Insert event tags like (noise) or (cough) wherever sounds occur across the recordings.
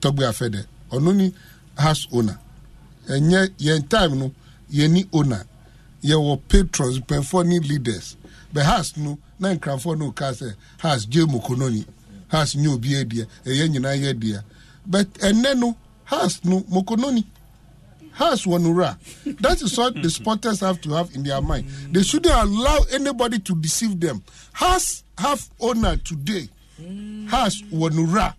tɔgbe afɛ dɛ ɔno ni house owner ɛnyɛ yɛn time no yɛn ni owner yɛwɔ patrons pɛnfoɔ ni leaders bɛ house no na nkrafoɔ no ka sɛ house gye mu kono ni house nye obi ɛdeɛ ɛyɛ nyinaa yɛ but ɛnɛ no house no mokononi. has Wanura. That is what the supporters have to have in their mind. They shouldn't allow anybody to deceive them. Has have owner today. Has Wanura.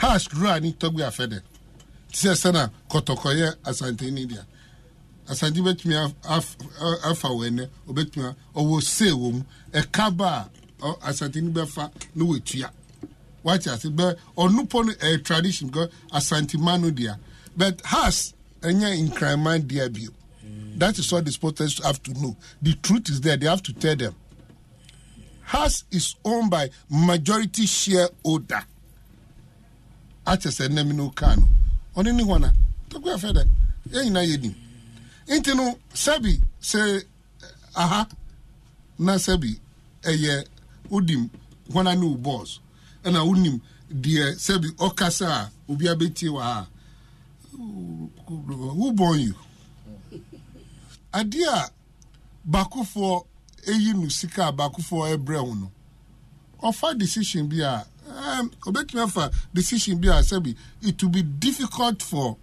hash duro a ni tɔgbe afɛ dɛ te sɛ sɛna kɔtɔkɔyɛ asante ni e, deɛ asante bɛtumi afa wɔ ɛnɛ ɔbɛtumi ɔwɔ see wɔ mu ɛka ba a asante ni bɛfa na wɔatua wɔakyɛ ase bɛ ɔnupɔ no ɛyɛ tradition because asante ma no deɛ but hash ɛnyɛ nkranman deɛ bio mm. that is what the supporters have to know the truth is there they have to tell them. Haas is owned by majority shareholder. akyɛ sɛ nam no kaa no ɔne ne hɔ na tɔkua fɛ dɛ yɛn nyinaa yɛ nim nti no sɛbi sɛ eh, aha na sɛbi ɛyɛ wodim hɔna ne wo bɔs ɛna wonim deɛ sɛbi ɔkasa a obi abɛtie wɔ ha who born you adeɛ a baakofoɔ ɛyi no sika a baakofoɔ ɛbrɛ ho no ɔfa decision bi a um, obetumi afa decision bi a sɛbi it will be difficult for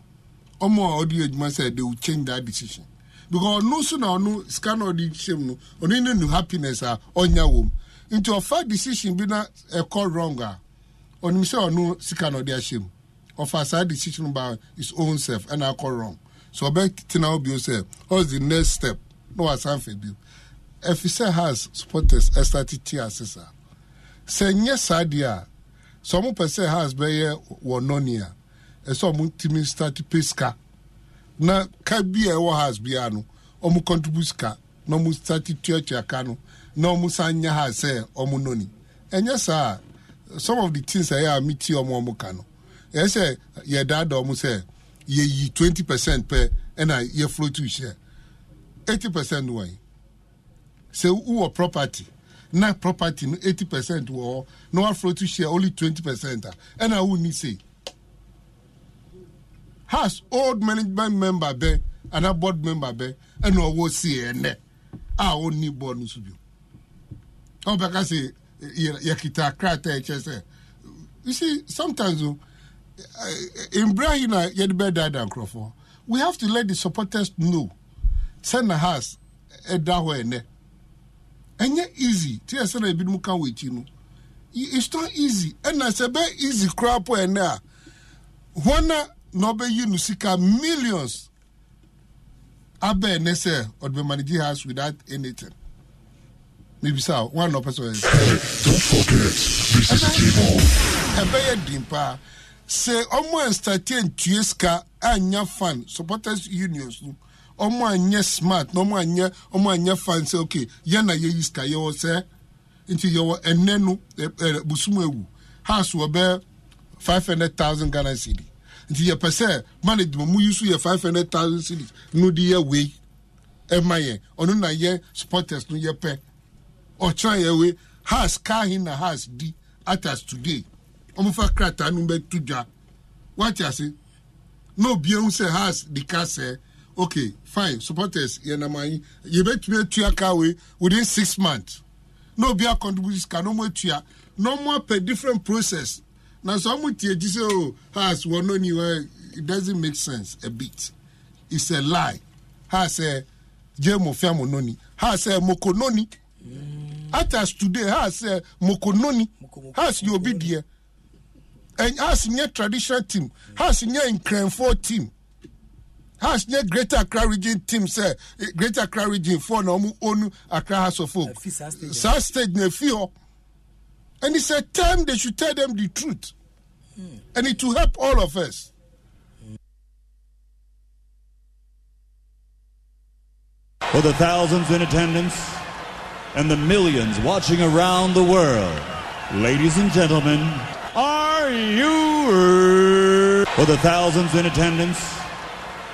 ɔmo a ɔde adwuma sɛ they will change that decision because ɔno nso na ɔno sika na ɔde hyɛm no ɔno ne no happiness ah, a ɔnya wɔ mu nti ɔfa decision bi na ɛkɔ eh, wrong a ɔnim sɛ ɔno sika na ɔde ahyɛm ɔfa saa decision by his own self ɛna akɔ wrong so ɔbɛtena hɔ bio sɛ what's the next step na wasan fɛ bio ɛfi has supporters ɛstate tia sisa sɛ nyɛ saa deɛ a sɛ ɔmo pɛ sɛ house bɛyɛ wɔ nɔni a ɛsɛ ɔmo timi start pay sika na ka bi a ɛwɔ house biara no ɔmo contribute sika na ɔmo start tuatua ka no na ɔmo san nya house sɛ ɔmo nɔni ɛnyɛ saa some of the things ɛyɛ a mi ti ɔmo ɔmo ka no ɛyɛ sɛ yɛdaada ɔmo sɛ yɛyi twenty percent pɛ ɛna yɛfuro tu share, eighty percent wɔnyi sɛ wowɔ property na property no eighty percent wɔ hɔ na waforo to share only twenty percent a ɛna awo ni se Has old management member bɛ ana board member bɛ ɛna ɔwɔ si ɛnɛ a ɔni board no so bi ɔbɛka se yɛkita krataa ɛkyɛ sɛ you see sometimes o uh, mbira yi na yɛde bɛ da da nkorɔfoɔ we have to let the supporters know Send a house ɛda hɔ ɛnɛ ɛnyɛ easy te ɛsɛ na ebinom ka wɔ akyi no it's not easy ɛna sɛ ɛbɛ easy koraa po ɛnɛ a wɔn a na ɔbɛyi no sika millions abɛ ɛnɛ sɛ ɔde bɛ manage house without anything maybe sa one na ɔpɛ sɛ don't forget this is table. ɛbɛyɛ dimpa, paa sɛ ɔmo ɛnstate ntue sika anya fan supporters unions no. ọmụ anyɛ smart na ɔmo anyɛ ɔmo anyɛ fan sɛ okay ya na yɛyi sika yɛwɔ sɛ nti yɛwɔ ɛnɛ no ɛɛ e, e, busum ewu house wɔ bɛ five hundred thousand ghana cedi nti yɛpɛ sɛ management mu yi so yɛ five hundred thousand cedi no de yɛ wei ɛma yɛ ɔno na yɛ supporters no ya pɛ ɔkyerɛ yɛ wei house car hin na house di atas today ɔmo fa krataa no bɛ tu dwa wate ase na obiara sɛ house de ka sɛ. okay fine supporters yɛn nam anyi yɛbɛtumi atua car wei within six months na obi akɔntribute sika na ɔmo atua na ɔmo apɛ different process na so ɔmo tie gyi sɛ o oh, house wɔn no ni wɔn eh, it doesn't make sense a bit it's a lie house eh, ɛ jemo fiamu no ni house eh, ɛ moko no ni atas today house ɛ moko no ni house yɛ obi deɛ house nyɛ traditional team house nyɛ nkranfoɔ team. Has ne Greater Accra Region team sɛ eh, Greater Accra Region foɔ na ɔmo onu Accra House of Folk. Eh, Saa eh? stage na efi hɔ. And it's a time they should tell them the truth. Mm. And it will help all of us. For the thousands in attendance and the millions watching around the world, ladies and gentlemen, are you? For the thousands in attendance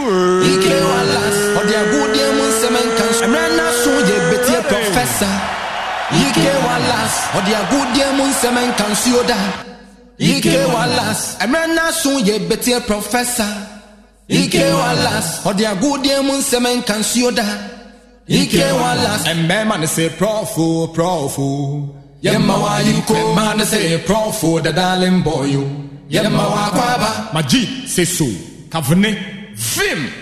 ike walas ɔde agudeɛ mu nsɛm nka nso mmerɛ na so yɛ betie prɔfɛsa ike walas ɔde agudeɛ mu nsɛm nka nsuo da ike walas mmerɛ na so yɛ betie prɔfɛsa da ike walas mmarima ne sɛ prɔfo prɔfo yɛma wa yiko mmaa ne sɛ prɔfo dadalen bɔyo yɛma wa kwaba magye sɛ so vim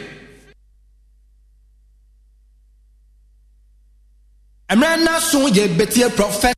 mmerɛ naso yɛ betie prɔfɛt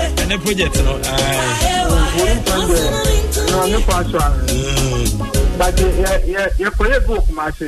ne project no yɛkɔyɛ bi wɔ kumase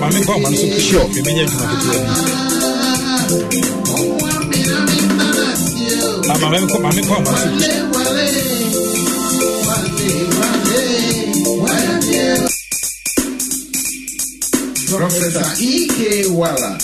maame kɔ ɔma nso sure mɛmɛnyɛ adwuma ketewa bi ama maame kɔ maame kɔ ɔma nso Professor E.K. Waller.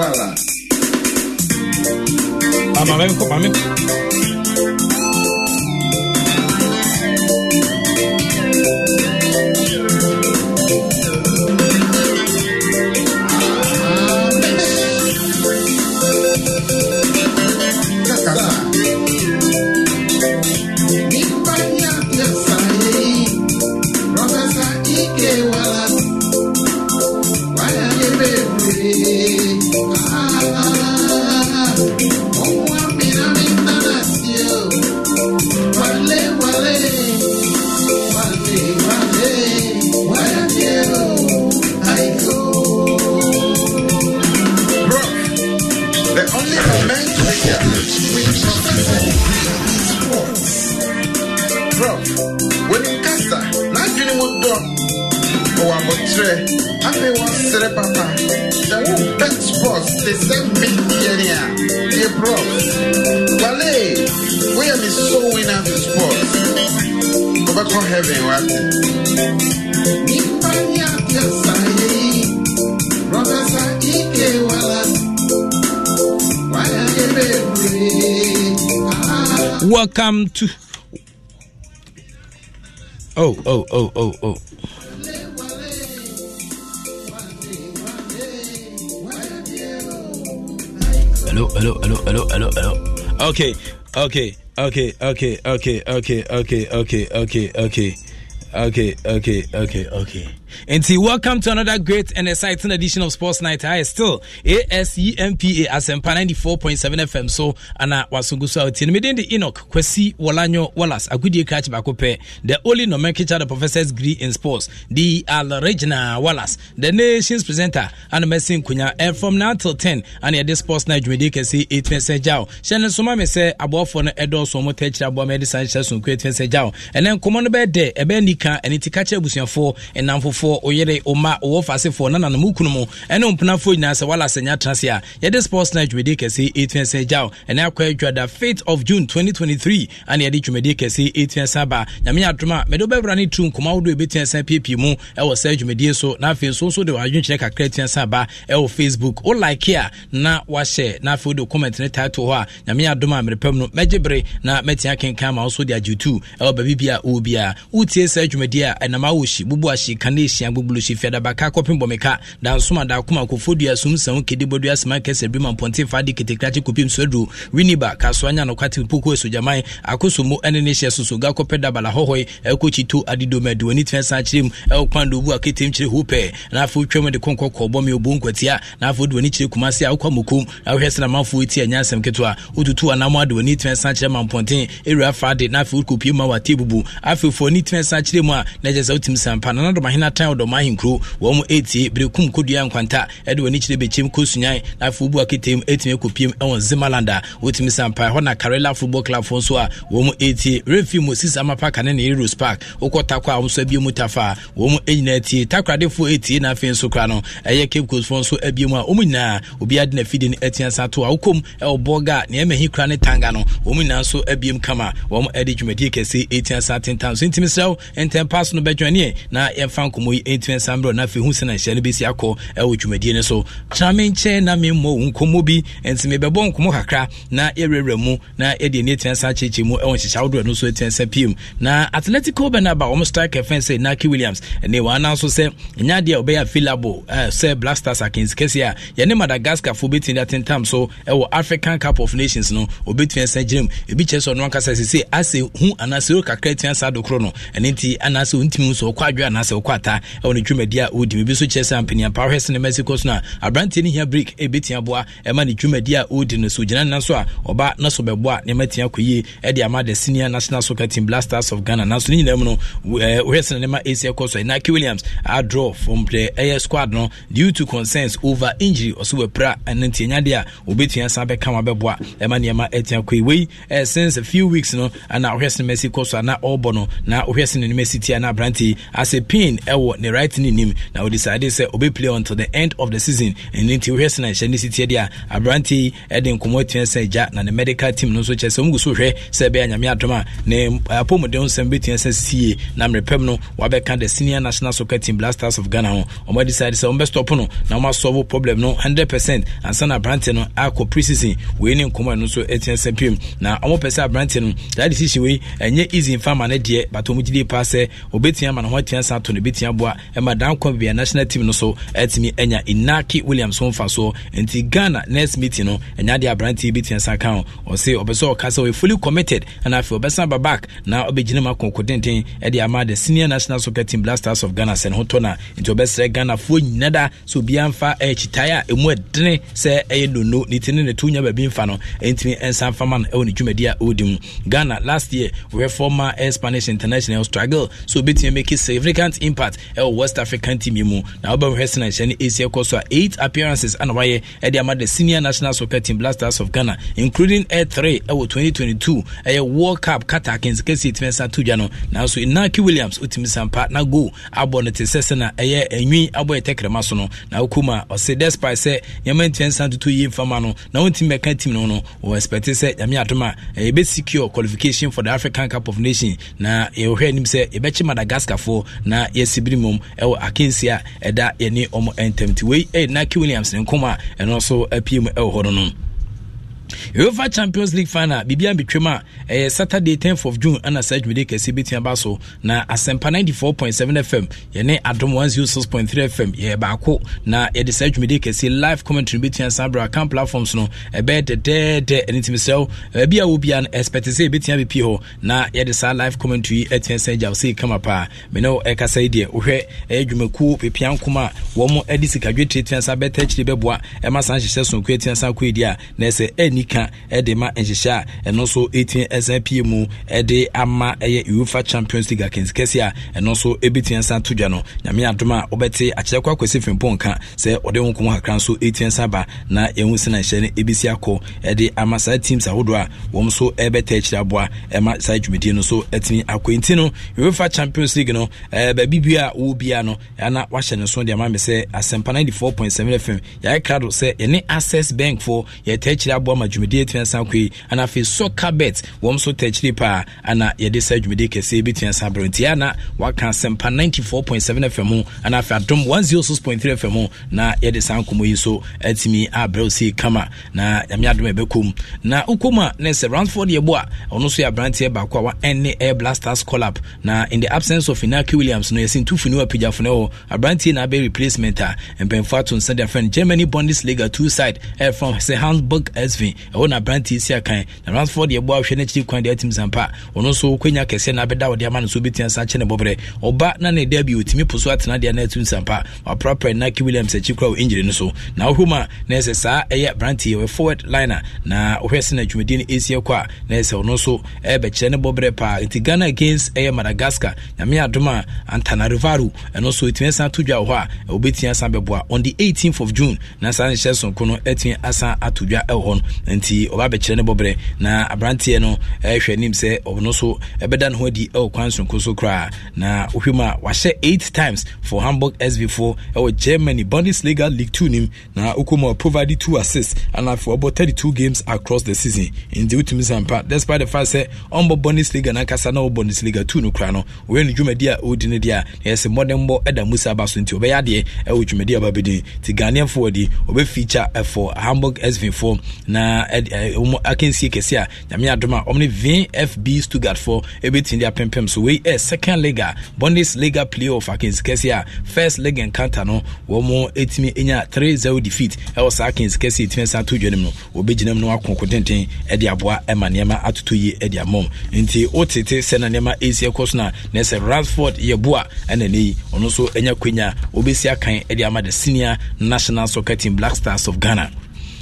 Cuadra. Vamos a ver, welcome to. Oh, oh, oh, oh, oh. Hello, hello, hello, hello, hello, hello. Okay, okay, okay, okay, okay, okay, okay, okay, okay, okay, okay, okay, okay. And see, welcome to another great and exciting edition of Sports Night. I still e ASEMPA Asempa 94.7 FM. So, Anna Wasungu Sautin, Midin the Enoch, Kwesi Walanyo Wallace, Agudie Kach Bakope, the only nomenclature the professor's degree in sports, the Al Regina Wallace, the nation's presenter, and Messin Kunya. And from now till 10, and at this Sports Night, Midi can see 8 message out. Shannon Soma may say, above for no Edo Somo Tetra Bomedi Sanchez, some great message out. And then, Commander Bed, Ebenica, and Itikacha Busian four and Namfo 4 wɔ oyere oma owó fasefoɔ na nanam ukunu mu ɛne mpenafoɔ nyinaa sɛ wala asɛnya tena se a yɛde sports night dwumadie kɛse etua sɛ gyaw ɛne akɔ adwada faith of june 2023 ane yɛde dwumadie kɛse etua sɛ aba nyame adoma mede wobɛbra ne tu nkɔma ahodoɔ ɛbɛtua piepie mu ɛwɔ sɛ dwumadie so na afei nso nso de wadwenkyerɛ kakra atua sɛ aba ɛwɔ facebook wo like a na wahyɛ na afei wode comment ne title hɔ a nyame adoma a merepam no mɛgye bere na mɛtia kenkan ma wo so de agye tu ɛwɔ baabi bi a wɔwɔ biara wotie sɛ dwumadie a ɛnam awɔ hyi bubu ahyi kane hyi nsia bubulu si fiada baka kɔpem bɔ meka da daakoma akofo dua sum sɛn kedi bɔ dua sema kɛsɛ bi ma mpɔnte fa de ketekirate kopim soduro winiba kasoa nya nokwate poku asogyaman akosomo ɛne ne hyɛ soso ga kɔpɛ dabala hɔhɔe ɛkɔkyi to adidoma aduani tena san kyerɛ mu ɛwɔ kwan do bu aketem kyerɛ ho pɛɛ na afei wotwam de kɔnkɔ kɔbɔ me obo nkwatia na afei woduani kyerɛ kuma se a wokɔ amokom na wohwɛ sɛ namanfoɔ ɛti anya asɛm ketewa wotutu anamo aduani tena san kyerɛ ma mpɔnten ɛwura fa de na afei wokɔpie ma wate bubu afei foɔ ni tena san kyerɛ mu a na ɛkyɛ sɛ wotumi sampa na na dɔmahena tan na ɔdɔma ahenkuro wɔn mu etie berekum kodua nkwanta ɛde wɔn ani kyerɛ bɛkyɛm kɔ sunyan na afei obu aketem etumi ekopiem ɛwɔ zimmerland a wotumi sampa ɛhɔ na karela football club fo nso a wɔn mu etie refi mu sisa amapa kane ne heroes park okɔ takwa a wɔn abie mu tafa a wɔn mu nyinaa etie takradefoɔ etie na afei nso kora no ɛyɛ cape coast fo nso abie mu a wɔn nyinaa obi adi na fidi ne ɛtia sa to a okom ɛwɔ bɔga nea ɛmɛ hi kora ne tanga no wɔn nyinaa nso abie mu kama wɔn ɛde dwumadie kɛse etia sa tentam so ntumi srɛw ntɛm pass no bɛdwaniɛ na yɛmfa nkɔmɔ yi bi ɛntumi nsa na afei hu sɛ na nhyia no bɛsi akɔ ɛwɔ dwumadie no so kyena nkyɛn na memmɔ wo nkɔmmɔ bi ɛnti mebɛbɔ nkɔmmɔ kakra na yɛwerɛwerɛ mu na yɛde ne ɛtumi nsa kyekye mu ɛwɔ nhyehyɛ ahodoɔ no so ɛtumi nsa piem na atletico bɛnaba wɔn striker fɛn sɛ naki williams ɛne wɔn anan so sɛ ɛnya deɛ ɔbɛyɛ available sɛ blasters akensi kɛseɛ a yɛne madagascar fo bɛtumi de atentam so ɛwɔ african cup of nations no obɛtumi nsa gyina mu ebi kyerɛ sɛ ɔno ankasa sese ase hu anaasɛ kakra atua saa do korɔ no ɛne nti anaasɛ ɔntumi nso ɔkɔ adwa anaasɛ ɔkɔ ata ɛwɔ ne dwumadi a ɔdi biribi so kyerɛ sɛ ampaniampa wohɛ sene mexico so no a aberanteɛ no hia break ɛbɛtia boa ɛma ne dwumadi a ɔdi no so gyina nna so a ɔba na so bɛboa nneɛma tia kɔ yie ɛde ama the senior national soccer team blasters of ghana nanso ne nyinaa mu no wohɛ sene nema ɛsi ɛkɔ so ɛnake williams adraw from the ɛyɛ squad no due to concerns over injury ɔso wɔpra ɛno ntianyadeɛ a wɔbɛtua san bɛka ma bɛboa ɛma nneɛma ɛtia kɔ yi wei ɛɛ since a few weeks no ana wohɛ sene mɛsi kɔ so a na ɔrebɔ no na wohɛ sene nema si tia na aberante a pain ɛwɔ ne right ne nim na wɔde sade sɛ play until the end of the season ɛno nti wohwɛ sena nhyɛ ne sitiɛ deɛ a aberante yi ɛde nkɔmmɔ atua sɛ gya na ne medical team no nso kyɛ sɛ ɔmugu so hwɛ sɛ ɛbɛyɛ anyame adom a ne eh, apɔmuden nsɛm bɛtua sɛ sie na mmerɛpɛm no wabɛka the senior national soccer team blasters of ghana ho ɔma decide sɛ ɔmbɛstɔpo no na ɔmasɔvo problem no hundred percent ansa na aberante no akɔ preseason wei ne nkɔmmɔ ɛno nso atua sɛ pim na ɔmopɛ sɛ aberante no that decision wei ɛnyɛ easy mfa ma no deɛ but ɔmugye die paa sɛ ɔbɛtua ma ne ho atua sa to no bɛtua boa a ɛma dan kwan bia national team no so atumi anya inaki williams ho mfa soɔ nti ghana next meeting no ɛnya deɛ aberanteɛ bi tia nsa ka ho ɔse ɔpɛ sɛ ɔka sɛ ɔyɛ fully committed ɛna afei ɔbɛsan ba back na ɔbɛgyina mu akonko denden ɛde ama the senior national soccer team blasters of ghana sɛ ne ho tɔ no a nti ɔbɛsrɛ ghanafoɔ nyina da sɛ obiaa mfa ɛkyitaeɛ a ɛmu ɛdene sɛ ɛyɛ nono ne ti ne ne to nya baabi mfa no ɛntumi ɛnsa mfama no ɛwɔ ne dwumadi a ɔredi mu ghana last year wɔyɛ former spanish international struggle so obɛtumi make significant impact ɛwɔ west african team yi mu na wobɛhwɛ sena nhyɛ ne ɛsi ɛkɔ so a eight appearances ana wayɛ ɛde ama the senior national soccer team blasters of ghana including air three ɛwɔ 2022 ɛyɛ world cup katakins kɛsi ɛtumi sa to dwa no nanso inaki williams ɔtumi sampa na go abɔ no te sɛ sɛna ɛyɛ anwi abɔ yɛ tɛkrɛma so no na wokoma ɔse despite sɛ nyɛma ntumi sa toto yie mfama no na wontumi bɛka team no no wɔ expect sɛ nyame adom a secure qualification for the african cup of nation na yɛwɔhwɛ anim sɛ yɛbɛkye madagascarfoɔ na yɛsibiri mu mmom ɛwɔ akensi a ɛda yɛne ɔmo ntam nti wei ɛyɛ naki williams ne nkɔm a ɛno nso apue ɛwɔ hɔ no no uefa champions league final biribia mbɛtwam a ɛyɛ saturday 10th of june ana saa dwumadi kɛse bɛtumi aba so na asɛmpa 94.7 fm yɛne adom 106.3 fm yɛyɛ baako na yɛde saa dwumadi kɛse live commentary bɛtumi asan berɛ akan platforms no ɛbɛyɛ dɛdɛɛdɛ ɛno ntimi sɛ baabi a wɔbia no expect sɛ yɛbɛtumi bɛpie hɔ na yɛde saa live commentary atumi asan gya wo sɛ kama paa mene ɛkasa yi deɛ wohwɛ ɛyɛ dwumakuo pepia nkoma a wɔm de sikadwetire tumi asan bɛtɛ akyiri bɛboa ɛma saa nhyehyɛ sonko atumi asan kɔɛdi a na ɛsɛ ɛni ani ka de ma nhyehyɛ a ɛno nso ɛtumi ɛsan pie mu de ama ɛyɛ uefa champions league akensikɛse a ɛno nso ɛbɛtumi nsa to dwa no nyame adom a wobɛte akyerɛkɔ akwasi fimpo nka sɛ ɔde ho nkɔmmɔ kakra nso ɛtumi nsa ba na ɛhu sɛ na nhyɛ no ɛbɛsi akɔ de ama saa teams ahodoɔ a wɔn nso ɛbɛta akyiri aboa ɛma saa dwumadie no nso ɛtumi akɔ nti no uefa champions league no ɛɛ baabi bi a wɔwɔ bia no ɛna wahyɛ ne so deɛ ama mi sɛ asɛmpa 94.7 fm yɛayɛ krado sɛ yɛne access bank fo yɛta akyiri aboa ma dwumadie tia san kɔi ana afei soccer bet wɔn nso tɛkyire paa ana yɛde saa dwumadie kɛseɛ bi tia san berɛ nti ana waka asɛmpa 94.7 fm ho ana afei adom 106.3 fm na yɛde saa nkɔmmɔ yi so atumi abrɛ wo sei kama na nyame adom ɛbɛkɔm na wokɔm a ne sɛ ranford yɛbo a ɔno nso yɛ aberanteɛ baako a waɛne air blasters collab na in the absence of inaki williams no yɛsɛ ntufo ne wapagyafo no ɛwɔ aberanteɛ na abɛ replacement a mpanyimfoɔ ato nsa deɛ frɛ no germany bundesliga two side ɛyɛ from sɛ hansburg sv ɛwɔ na aberanteɛ si akan na ransford deɛ ɛbɔ ahwɛ no akyiri kwan deɛ atim sampa ɔno nso kwanya kɛseɛ na abɛda wɔde ama no so wobɛtumi asa kyɛ ne bɔberɛ ɔba na ne da bi ɔtumi po so atena deɛ na atim sampa waprapra naki williams akyi kora wɔ ingyiri no so na wohom a na ɛsɛ saa ɛyɛ aberanteɛ wɔ forward liner na wohwɛ sɛ na adwumadiɛ no ɛsie kɔ a na ɛsɛ ɔno nso ɛbɛkyerɛ ne bɔberɛ paa nti ghana against ɛyɛ madagascar nyame adom a antanarivaru ɛno nso ɛtumi san to dwa wɔ hɔ a wobɛtumi asan bɛboa on the 18th of june na saa nhyɛ sonko no atumi asan ato dwa ɛwɔ hɔ no nti ɔba bɛkyerɛ ne bɔberɛ na aberanteɛ no ɛhwɛ anim sɛ ɔno so ɛbɛda ne ho adi ɛwɔ kwan sonko so koraa na wohwɛ mu a wahyɛ 8 times for hamburg sv4 ɛwɔ germany bundesliga league 2 nim na wokɔmu a provide 2 assist ana afei ɔbɔ 32 games across the season nti wotumi sampa despite the fact sɛ ɔmbɔ bundesliga no ankasa na wɔ bundesliga 2 no koraa no ɔyɛ no dwumadi a ɔdi no deɛ a na yɛsɛ mmɔden bɔ ɛda mu sa aba so nti ɔbɛyɛ adeɛ ɛwɔ dwumadi a ɔbabɛdin nti ghaneanfoɔ adi ɔbɛfeature ɛfɔ hamburg sv4 na nyinaa eh, eh, um, wɔn akansie kɛse a nyame adom eh, a wɔn ne vfb stuttgart fo ebetumi de apempem so wei ɛ second leg a bundesliga playoff akansie kɛse a first leg encounter no wɔn etumi enya three zero defeat ɛwɔ saa akansie kɛse etumi san to dwa no mu no wɔbɛgyina mu no akonko tenten ɛde aboa ɛma nneɛma atoto yie ɛde ama wɔn nti wotete sɛ na nneɛma esi ɛkɔ so na na ɛsɛ ransford yɛ boa ɛna ne yi ɔno nso enya kwenya wɔbɛsi akan ɛde ama the senior national soccer team black stars of ghana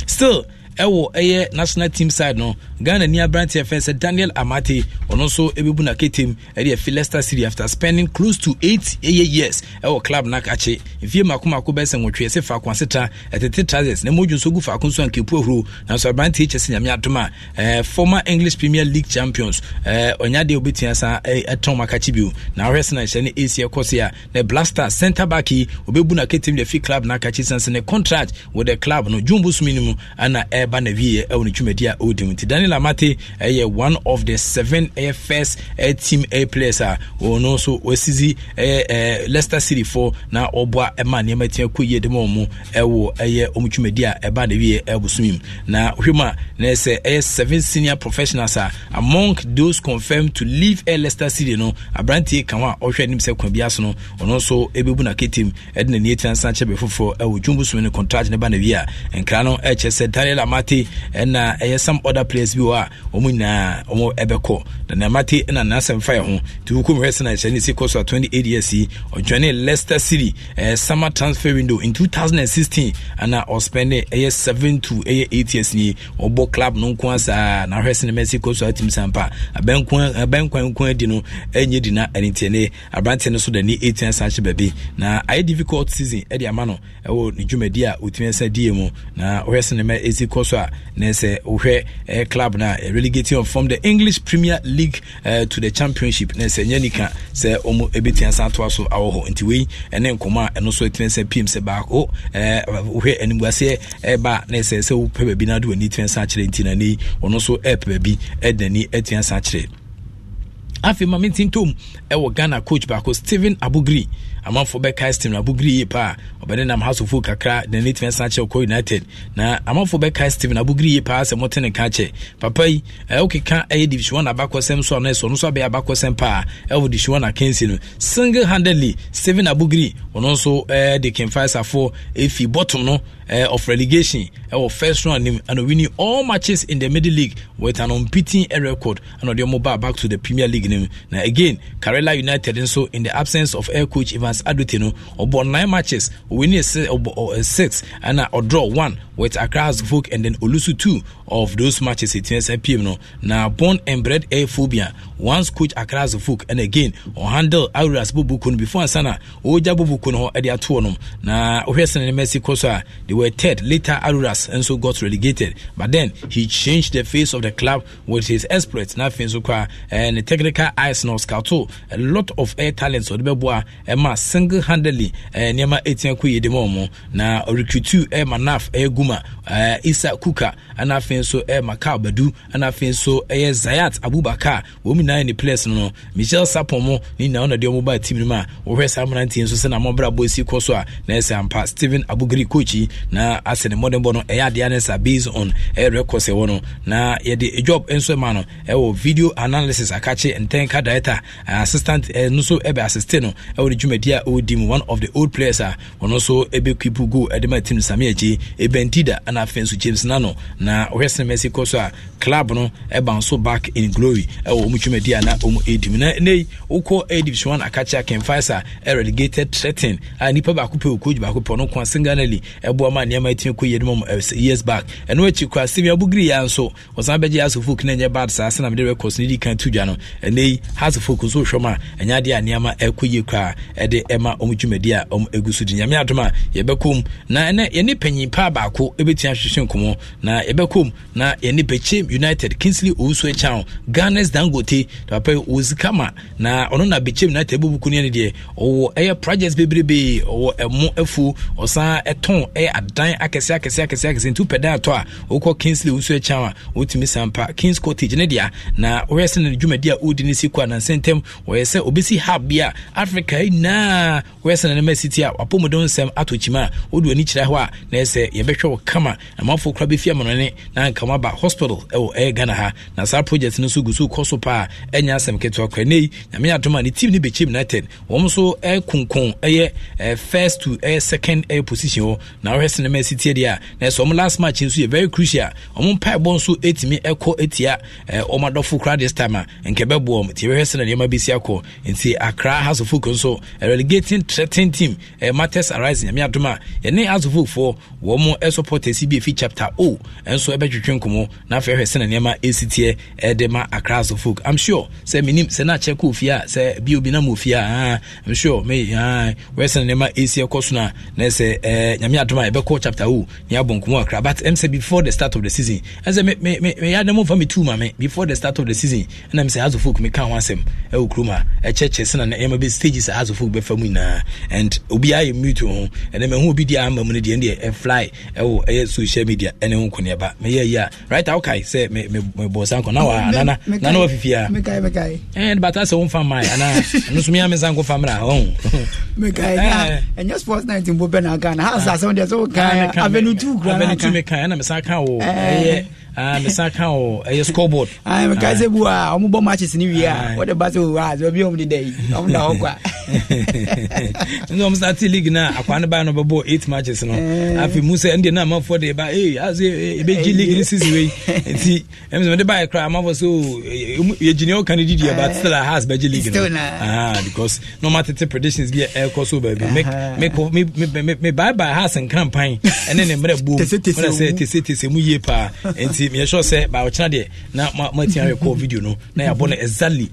still. ɛwɔ ɛyɛ national team side no ghana ni aberanteɛ fɛn sɛ daniel amate ɔno nso ɛbɛbu n'aketem ɛde ɛfi leicester city after spending close to eight ɛyɛ years ɛwɔ club n'akakye mfie mako mako bɛsɛ nwɔtwe ɛsɛ faako aseta ɛtete trousers na modwo nso gu faako nso a nkepu ahuro nanso aberanteɛ kyɛ sɛ nyame adom ɛɛ former english premier league champions ɛɛ ɔnyadeɛ obetumi asa ɛtɔn mu akakye bio na ahwɛ sɛ na nhyɛ ne ac ɛkɔsi a na blaster centre back yi na n'aketem de ɛfi club n'akakye sansan ne contract with the club no june bosomi ni mu ɛna ɛɛ ɛba na wieɛ ɛwɔ ne dwumadi a ɔdi mu nti daniel amate ɛyɛ one of the seven ɛyɛ first ɛyɛ team ɛyɛ players a ɔno nso ɔsisi ɛyɛ ɛɛ leicester city fo na ɔboa ɛma nneɛma tia kɔ yie de ma ɔmo ɛwɔ ɛyɛ ɔmo dwumadi a ɛba na wieɛ ɛbosom mu na hwɛm a na ɛsɛ ɛyɛ seven senior professionals a among those confirmed to leave ɛyɛ leicester city no aberanteɛ kan a ɔhwɛ anim sɛ kwan bi aso no ɔno nso ɛbɛbu n'aketem ɛde n'ani atina nsa kyɛ bɛ foforɔ ɛwɔ dwumbu som ne contract ne Mate ɛna ɛyɛ some other players bi wɔ a wɔn nyinaa wɔn ɛbɛkɔ Daniel Mate ɛna n'asɛm fa yɛ ho nti wɔn kɔn mu ɛsɛn ahyɛ ne si kɔ so a twenty eight years yi ɔtwɛne Leicester City ɛyɛ summer transfer window in two thousand and sixteen ɛna ɔspɛnde ɛyɛ seven to ɛyɛ eight years ni ɔbɔ club no nko asa n'ahwɛ sɛ ne mɛsi kɔ so a tim sampa abɛnkwan abɛnkwan nko adi no ɛnyɛ di na ɛnitɛ ne aberanteɛ no so da ne eight years ahyɛ baabi na ayɛ difficult season ɛde ama no ɛwɔ ne dwumadi a otumi ɛsɛ die mu na ɔhwɛ sɛ ne mɛ esi kɔ ɛkɔ so a na sɛ wohwɛ eh, club no a eh, relegating from the english premier league uh, to the championship na sɛ nyɛ nika sɛ ɔmo ɛbɛtia sa atoa so awɔ hɔ nti wei ɛne nkɔmmɔ a ɛno so atena sɛ pim sɛ baako wohwɛ animguaseɛ ɛba na sɛ sɛ wopɛ baabi no ade w'ani tena sa akyerɛ nti nani ɔno so ɛpɛ baabi ɛdani atua sa akyerɛ afei ma mentintom ɛwɔ ghana coach baako steven abogri amanfoɔ bɛka stem na abogiri yie paa ɔbɛne nam house of kakra na ne tumi san kyɛ ɔkɔ united na amanfoɔ bɛka stem na abogiri yie paa sɛ mote ne ka kyɛ papa yi ɛwo keka ɛyɛ division one abakɔsɛm so anɛ so ɔno nso abɛyɛ abakɔsɛm paa ɛwɔ division one akansi no single handedly steven abogiri ɔno nso ɛɛ de kemfaisafoɔ efi bottom no uh, of relegation uh, first round and winning all matches in the middle league with an unbeaten record and they move back to the premier league name. now again Karela United and so in the absence of air coach Evans Thomas Adote no ɔbɔ nine matches ɔwini six ɛna ɔdraw one with Accra House and then olusu two of those matches ɛti ne sɛ pm no Now, born and bred air phobia once coach across the folk and again handle auras bobuko no before ansa na ɔgya bobuko no hɔ ɛde atoɔ nom na wohwɛ sɛ ne mɛsi kɔ they were third later auras so got relegated but then he changed the face of the club with his exploits Now, afei nso kɔ technical eyes no scato a lot of air talents ɔde and my single handedly eh, nneɛma ɛtia kɔ yie de ma ɔmo na ɔrecruitu ɛma naf ɛyɛ guma eh, isa kuka and afei afei nso ɛyɛ eh, Macau Badu ɛna afei nso ɛyɛ Zayat Abubakar wɔn nyinaa ne players no Michel Sapon mu ne nyinaa wɔn na deɛ ba team no mu a wɔhwɛ saa mmeranteɛ nso sɛ na wɔn brɛ abɔ esi kɔ so a na ɛsɛ ampa Steven Abugiri coach yi na asɛ ne mmɔden bɔ no ɛyɛ adeɛ ne based on ɛyɛ eh, records ɛwɔ no na yɛde job nso ma no ɛwɔ video analysis akakye ntɛnka director eh, assistant ɛno nso ɛbɛ assiste no ɛwɔ ne dwumadie a ɔredi mu one of the old players a wɔn nso ɛbɛ kipu goal ɛde ma team Samia Gye ebɛntida ɛna afei James Nano na wrestling mercy kɔ so a club no bounce back in glory ɛwɔ wɔn dwumadi a na wɔn edi mu na ne wokɔ air one akakye akemfaisa a relegated threaten a nipa baako pɛ okuo baako pɛ ɔno kɔn singanali ɛboa ma nneɛma etimi kɔ yɛn mu years back ɛno akyi kura simeon abugiri yɛ nso wɔsan bɛgye asofo kina nyɛ bad saa sinam de records ne di kan tu dwa no nei yi asofo kò so hwɛm a ɛnya de a nneɛma ɛkɔ yie kura ɛde ɛma wɔn dwumadi a wɔn egu so di nyame adum a yɛbɛkɔ na ɛnɛ yɛne panyin paa baako ebɛtua ahwehwɛ nkɔmɔ na yɛbɛkɔ mu na yɛne bɛkyɛm united kingsley owusu ɛkyan ghana's dangote papa ozika ma na ɔno na bɛkyɛm united bɛbu kunu yɛne deɛ ɔwɔ ɛyɛ projects bebrebe ɔwɔ ɛmo afu ɔsan ɛtɔn ɛyɛ adan akɛse akɛse akɛse akɛse ntu pɛdan atɔ a wokɔ kingsley owusu ɛkyan a wotumi sampa kings cottage ne deɛ na ɔyɛ sɛ ne dwumadi a ɔdi ne si kɔ anansa ntɛm ɔyɛ sɛ obɛsi hab bi a africa nyinaa ɔyɛ sɛ ne nema city a wapɔmudɔn nsɛm atɔ kyima a wode w'ani kyerɛ hɔ a na ɛsɛ yɛbɛhwɛ wɔ kama amanfoɔ kora bɛfi amanɔne na anka waba hospital ɛwɔ ɛyɛ eh, ghana ha na saa project no nso gu so kɔ so paa ɛnyɛ asɛm ketewa kora nei nyame adom a ne team no bɛkyɛ united wɔm nso ɛkonkon eh, ɛyɛ eh, first to ɛyɛ second ɛyɛ position hɔ na wohwɛ sene ma asitiɛ deɛ a na ɛsɛ ɔmo last match nso yɛ very crucial ɔmo mpaebɔ nso ɛtumi ɛkɔ ɛtia ɔmo adɔfo kora this time a nkɛ bɛboɔ m nti yɛhwɛ sene nneɛma bɛsi akɔ nti akra hasofok nso relegating threatening team matters arise nyame adom a yɛne hasofokfoɔ wɔm ɛsupporters bi ɛfi chapter o ɛnso ɛbɛtwe atwitwe nkɔmmɔ na afei hwɛ sɛ nneɛma ɛsi teɛ de ma akra so folk i'm sure sɛ menim sɛ na akyɛ kɔ ofie a sɛ bi obi nam ofie a i'm sure me wɔyɛ sɛ na nneɛma ɛsi ɛkɔ so no a na sɛ nyame adom a chapter o ne abɔ nkɔmmɔ akra but ɛm sɛ before the start of the season me me me. meyɛ adɛ mɔmfa metu ma me before the start of the season ɛna m sɛ aso folk meka ho asɛm ɛwɔ kurom a ɛkyɛkyɛ sɛ na nneɛma bɛ stages a aso folk bɛfa mu nyinaa and obiaa yɛ mute ho ɛnɛ mahu obi deɛ ama mu no deɛ ne deɛ ɛfly ɛwɔ ɛyɛ social media ɛne ho nkɔneɛba meyɛ adeɛ yi uh, a uh, (laughs) right awo kae sɛ mebɔ sanko na wanana na na ah. wafifi a ɛn bata sɛ womfa mae anaa ɛno so mea me sanko fa mmra ɔhu ɛnyɛ sports night mpo bɛ na ghana ha sɛ asɛm deɛ sɛ wokae avenue 2 kora avenue 2 mekae ɛna mesa ka wo oh. ɛyɛ eh. eh, Ah, mesa ka wo ɛyɛ eh, scoreboard ah, mekae ah. sɛ bu a ɔmobɔ matches no wie a wode ba sɛ ɔwɔ sɛ obi ɔm deda yi ɔmda hɔ league no a akwa no eight matches no eh. afei mu sɛ ɛndeɛ na amafoɔ de ba ase ɛbɛgye eh, league no sisi wei nti (laughs) ɛm e sɛ mede baɛ e kora amafoɔ sɛ yɛgyinea woka no didiɛ but still a has bɛgye league no because na ɔmatete predictions bi a ɛkɔ so baabi mebaebae has nkrampan ɛne ne mmerɛ bom sɛ tesɛ tesɛ mu yie paa (laughs) nti nti meyɛsɛ sɛ bawokyena deɛ na moatia rekɔɔ video no na yɛabɔ no exactly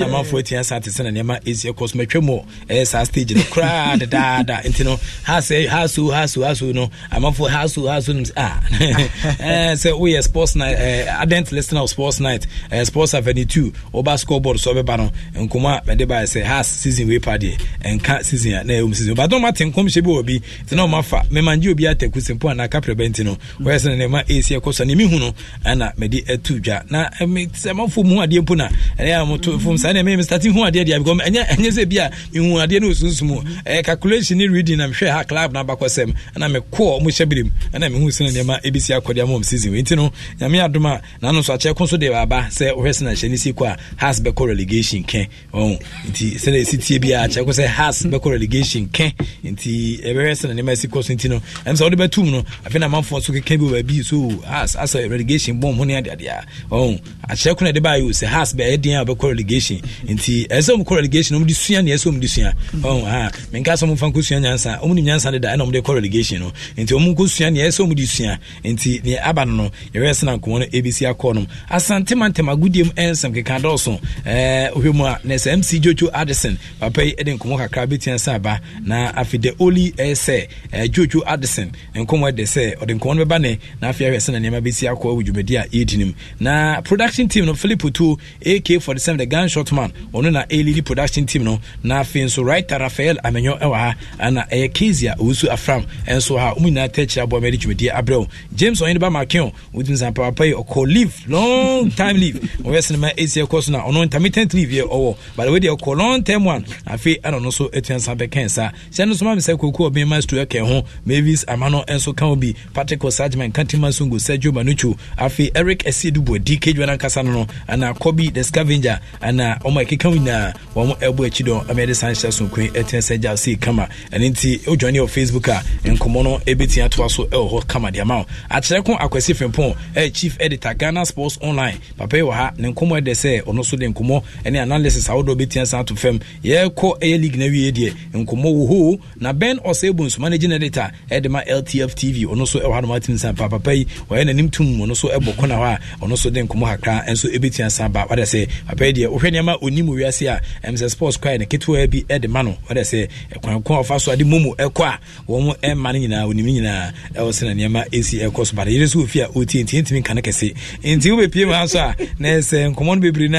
na mafoɔ atia saa te sɛ na nneɛma ɛsi ɛkɔ so matwa mu ɛyɛ saa stage no koraa (laughs) dedaada nti no hasɛ haso haso haso no amafoɔ haso haso nom ah, (laughs) sɛ woyɛ sports night adent listen of sports night sports avenue 2 woba scoreboard so wobɛba no nkɔmmɔ a mɛde baɛ sɛ has season wei pa deɛ ɛnka season a na ɛwom season bato mate nkɔmhyɛ bi wɔ bi nti na ɔmafa memangye obi ataku sɛ mpo anaa kaprɛbɛ nti no wɔyɛ sɛ na nneɛma ɛsi ɛkɔ so ne mehu no ɛna mede atu dwa na eh, sɛmafo mu adeɛ mpo na ɛnɛ a moto fom saa ne mestate hu adeɛ deɛ because ɛnyɛ ɛnyɛ sɛ bi a mehu adeɛ no ɔsunsum ɛyɛ eh, calculation ne reading na mehwɛ ha club na abakɔsɛm ɛna mekɔɔ mo hyɛ berem ɛna mehu sɛ nneɛma ɛbɛsi akɔdeɛ ma ɔm season nti no nyame adom a nano nso akyɛ ko so de aba sɛ wohwɛ sɛ na ne si kɔ a has bɛkɔ relegation kɛ ɔn nti sɛdeɛ ɛsi tie bi akyɛ ko sɛ has bɛkɔ relegation kɛ nti ɛbɛhwɛ sɛ nneɛma ɛsi kɔ so nti no ɛm sɛ wode bɛtum no afei na amanfoɔ so keka bi wɔ baabi so has asɛ relegation bɔn mu ne adeade a ɔn akyerɛ kuna de ba yi o sɛ Hearts bɛyɛ den a ɔbɛkɔ relegation nti ɛsɛ ɔmo kɔ relegation ɔmo de sua ne ɛsɛ ɔmo de sua ɔn ha minka sɛ ɔmo fa nko sua nyansa ɔmo nim nyansa deda ɛna ɔmo de kɔ relegation no nti ɔmo nko sua ne ɛsɛ ɔmo de sua nti ne aba no no yɛwɛ sɛ na nkɔmɔ no abc akɔ no asantemantem agudie mu ɛnsɛm keka dɔɔso ɛɛ ohwɛ mu a na sɛ MC Jojo Addison papa yi de nkɔmɔ kakra bɛtia sɛ aba na afei de oli ɛsɛ ɛɛ Jojo Addison nkɔmɔ de sɛ ɔde nkɔmɔ no bɛba ne na afei ahwɛ sɛ na nneɛma bɛsi akɔ akɔ wɔ dwumadi a yɛdi nim na production team no philip otuo ak47 the gun shot man ɔno na ɛlidi production team no na afei nso writer rafael Amenyo ɛwɔ ha ana ɛyɛ kesi a ɔwusu afram ɛnso ha wɔn nyinaa tɛkyerɛ aboa mɛde dwumadi abrɛw james ɔyɛnba makeo wotumi san papa yi ɔkɔ leave long time leave ɔyɛ sinima esi ɛkɔ so na ɔno intermittent leave yɛ ɔwɔ but wɔde ɔkɔ long term one afei ɛna ɔno nso ɛtua nsa bɛka nsa hyɛn no so maa mi sɛ koko ɔbɛn ma stu ho mavis amano ɛnso kan obi patrick osajman kantima sungo sergio manucho Adio afei Eric Esiedubo DK Dwan ankasa no no ana Kobi the Scavenger ana ɔmo ɛkeka nyinaa wɔn ɛbɔ akyi dɔn ɛmɛ de san hyɛ so ɛtena sɛ gya se kama ɛne nti ojwani wɔ Facebook a ah, nkɔmɔ no ebetumi atoa so ɛwɔ e hɔ kama deɛ ma o akyerɛ ko akwasi fempɔn ɛyɛ e chief editor Ghana Sports Online papa yi wɔ ha ne nkɔmɔ ɛdɛ sɛ ɔno so de nkɔmɔ ɛne analysis ahodoɔ betumi san ato fam yɛkɔ ɛyɛ league na wie deɛ nkɔmɔ wɔ hoo na Ben Osebun so managing editor ɛde ma LTF TV ɔno so ɛwɔ ha no ma ti nsa papa yi ɔyɛ n'anim tum mu no so bɔ kɔna hɔ a ɔno so de nkɔmmɔ hakra nso ɛbɛtua san ba wadɛ sɛ apɛi deɛ wohwɛ nneɛma ɔnim wiase a ɛm sports kwae ne ketewa bi de ma no wadɛ sɛ ɛkwanko ɔfa so ade momu ɛkɔ a wɔn ɛma no nyinaa onim nyinaa ɛwɔ sɛ na nneɛma ɛsi ɛkɔ so ba no yere so ofi a ɔtie nti ɛntumi nka kɛse nti wobɛpie mu ha a na ɛsɛ nkɔmmɔ no bebree no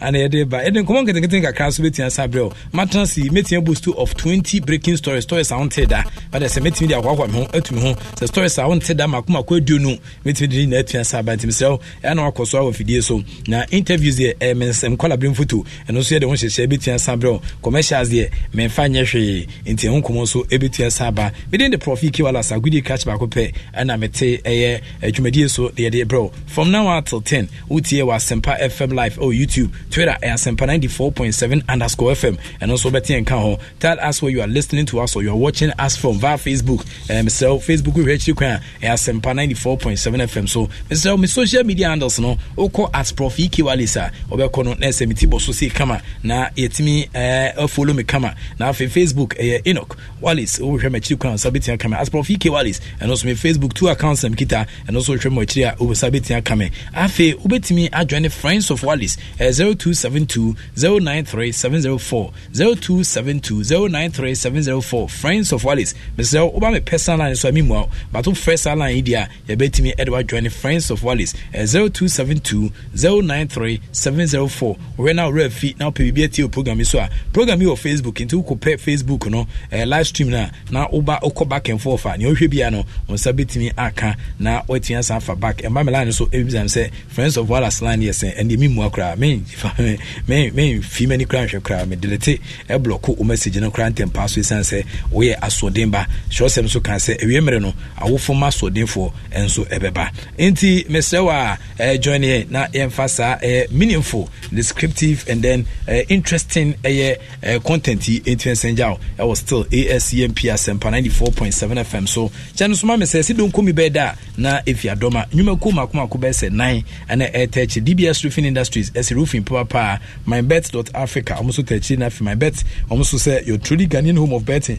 ana yɛde ba ɛde nkɔmmɔ nketenketen kakra so bɛtua san berɛ o matena si mɛtia boost of twenty breaking stories stories a wontee da wadɛ sɛ mɛtumi de akwakwa me ho atumi ho sɛ stories a wontee da maakomako aduo no mɛtumi de nyinaa atua saa ba ntim srɛ ɛna wakɔ so awɔ fidie so na interviews deɛ ɛyɛ mensɛm kɔlabere mfoto ɛno nso yɛde ho hyehyɛ bɛtua sa berɛ commercials deɛ memfa nyɛ hwee nti ɛho nkɔmmɔ nso ɛbɛtua sa ba meden de profi e kiwala sa gudi catch baako pɛ ɛna mete ɛyɛ adwumadie so deɛ de brɛ from now on till 10 wotie wɔ asɛmpa fm live oh, youtube twitter ɛyɛ asɛmpa 94.7 underscore fm ɛno nso wobɛteɛ nka ho tell us where you are listening to us or you are watching us from via facebook um, so facebook wohwɛ akyiri kwan a ɛyɛ asɛmpa 94.7 fm so no mesrɛ me social media handles no wokɔ at prof ekwales a wɔbɛkɔ no na ɛsɛ meti bɔ so sei kama na yɛtumi eh, follow me kama na afei facebook ɛyɛ enoch wallis wohwɛ makyiri kwan sa wobɛtia kame as prof ek wallis ɛno so me facebook two accounts na mekita ɛno so wohwɛ makyiri a wobɛsa wobɛtia kame afei wobɛtumi adwane friends of wallis ɛyɛ 0272 093 704 0272 093 704 friends of wallis mesrɛ woba me personal line so a memua bato first line yi deɛ a yɛbɛtumi ɛde woadwane friends of Wallis uh, 0272 093 704 wɔyɛ na wɔrɛ fi na wɔpɛ biribi atie o program yi so a program you on Facebook Into wokɔ Facebook no uh, live stream now. Now woba wokɔ back and forth a neɛ wohwɛ bia no wo nsa bɛtumi aka now. woatumi asa afa back ɛmba me line so ɛbisa e m sɛ friends of Wallace line yes. yɛ sɛn ɛndeɛ memmua Female memfi m'ani koraa Me delete. medelete ɛblɔko wo message no koraa ntɛmpaa so ɛsiane sɛ woyɛ asoɔden ba hyɛ sɛm so ka sɛ awie e mmerɛ no awofo ma asoɔdenfoɔ ɛnso e ɛbɛba nti mesrɛ wo a ɛyɛ eh, joineɛ na yɛmfa saa ɛyɛ eh, meaningful descriptive and then uh, interesting ɛyɛ uh, content yi nti ɛnsɛngya wo ɛwɔ still ascmp e asɛmpa 94.7 fm so kyɛ no soma me sɛ sɛ donkomi bɛɛ da a na ɛfi adɔm a nnwumakuo maakomaako bɛɛ sɛ nan ɛna ɛɛta akyi dbs roofing industries ɛsɛ roofing papapaa mybet africa ɔmo so ta akyi no afei mybet ɔmo so sɛ your truly ghanian home of betting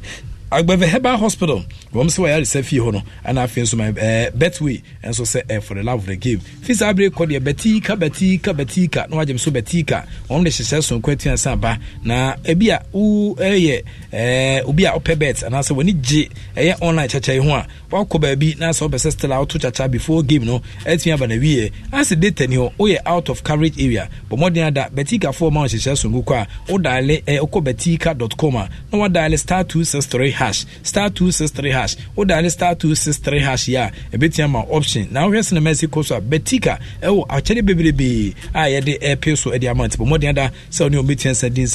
agbɛvɛ herbal hospital wɔm sɛ wɔyɛ aresɛ fie hɔ no ana afei nso ma betway nso sɛ ɛ for the love of the game fi saa abere kɔ deɛ betika, bɛtiika bɛtiika na wagyem so bɛtiika wɔm de hyehyɛ sonko atuansa aba na ebia a wo ɛyɛ Eh, obi a wopɛ bet anaasɛ w'ani gye ɛyɛ online kyakyɛe ho a woakɔ baabi na sɛ wopɛ sɛ still a kyakya before game no atumi aba na wieɛ ase data ni hɔ woyɛ out of coverage area bɔ mmɔden ada batikafoɔ ma wohyehyɛ songu kɔ a wodale eh, wokɔ batika com a na wadale star three hash star two six three hash wodale star two six three hash yɛ a ɛbɛtumi ama option na wohwɛ sene mɛsi kɔ so a batika ɛwɔ akyɛde bebrebee a yɛde ɛpe so de ama nti bɔ mmɔden ada sɛ wone ɔmbɛtua nsa di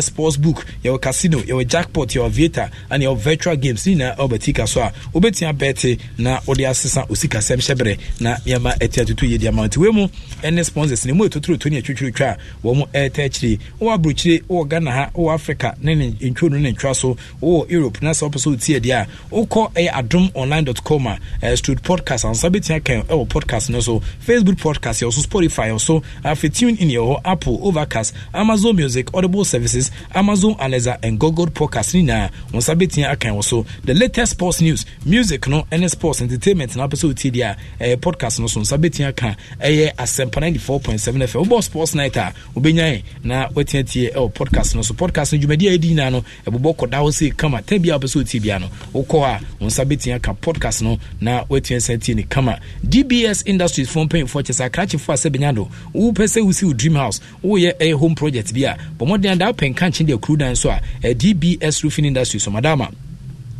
sports book yɛwɔ casino yɛwɔ jackpot yɛwɔ vieta ane yɛwɔ virtual games ne nyinaa ɔbɛtika so a wobɛtumi abɛte na wode asesa osikasɛm hyɛberɛ na nneɛma ɛte atoto yɛ diama nti wei mu ɛne sponsors ne mu ɛtotoroto ne atwitwiritwa a wɔ mo ɛɛta akyiri wowɔ aburokyire wowɔ ghana ha wowɔ africa ne ne ntwonu ne ntwa so wowɔ europe na sɛ wopɛ sɛ wotie deɛ a wokɔ ɛyɛ adom online com a strood podcast ansa bɛtumi aka ɛwɔ podcast no so facebook podcast yɛwɔ so spotify yɛwɔ so afei tune in yɛwɔ hɔ apple overcast amazon music audible services amazon alexa Twitter and Google podcast nyinaa wɔn nsa bɛtia akan wɔ so the latest sports news music no ne sports entertainment na apɛsɛ ɔtie deɛ eh, ɛyɛ podcast no so nsa bɛtia ka ɛyɛ asɛmpa 94.7 fm wobɔ sports night a wobɛnya ɛ e, na watiatie eh, ɛwɔ oh, podcast no so podcast no dwumadi a nyinaa no ɛbobɔ kɔda hɔ sei kama ta bia wopɛ sɛ ɔtie bia no wokɔ a wo nsa bɛtia ka podcast no na watua sa tie ne kama dbs industries fo mpanyimfoɔ kyɛ sɛ akrakyefoɔ a sɛ bɛnya do wopɛ sɛ wosi dream house woyɛ ɛyɛ eh, home project bi a bɔ mmɔden ada wopɛ nka nkye deɛ kuru dan so a dbs roofing industries so madama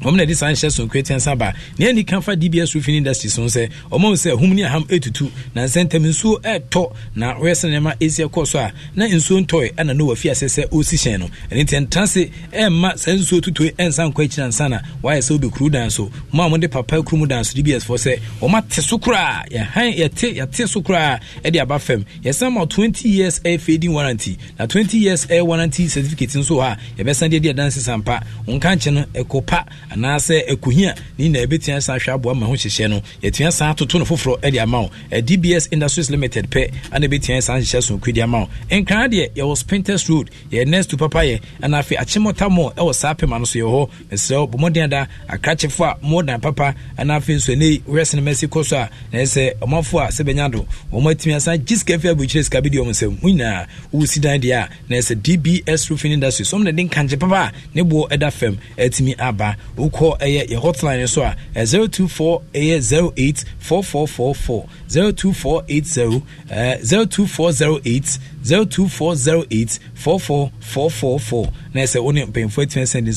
wɔn na ɛde saa nhyɛ sonkrete nsa ba nea ni kan fa dbs roofing industry so sɛ wɔn sɛ hum ne aham etutu na nsɛntɛm nsuo ɛɛtɔ na wɔyɛ sɛ nneɛma esi ɛkɔ so a na nsuo ntɔɛ ɛna no wafi asɛ sɛ osi hyɛn no ɛne ntɛn transe ɛɛma sɛ nsuo tutu ɛnsa nkɔ akyina nsa na wɔayɛ sɛ obi kuru dan so mo a mo papa kuru mu dan so dbs fo sɛ wɔn ate so koraa yɛhan yɛte yɛte so koraa ɛde aba fam yɛsan ma twenty years air fading warranty na twenty years air warranty certificate nso wɔ ha yɛbɛsan de adi adansi sampa nkankyɛn no ɛkɔ pa anaasɛ akohi a ne nyinaa ɛbɛtua san hwɛ aboa ma ho hyehyɛ no yɛtua san toto no foforɔ de ama wo dbs industries limited pɛ ana ɛbɛtua san hyehyɛ sonkwi de ama wo nkran deɛ yɛwɔ sprinters road yɛ next to papayɛ ana afei akyemɔta mɔ ɛwɔ saa pema no so yɛwɔ hɔ mesrɛ wo bɔmmɔden ada akrakyefoɔ a mɔdan papa ana afei nso ɛnei wɛs no kɔ so a na ɛsɛ ɔmafoɔ a sɛ bɛnya do wɔn atumi asan gye sika fi abukyerɛ sika bi di wɔn nsam mu nyinaa wɔwɔ dan deɛ a na ɛsɛ dbs roofing industry sɔm na ɛde nkankye papa a ne boɔ ɛda fam atumi aba wokɔ ɛyɛ yɛ hotline so a ɛ 024 ɛyɛ 08 4444 02480 uh, 02408 Zero zero two four four four four eight 02408 44444 na ɛsɛ wo ne mpanyinfoɔ atumi sɛ di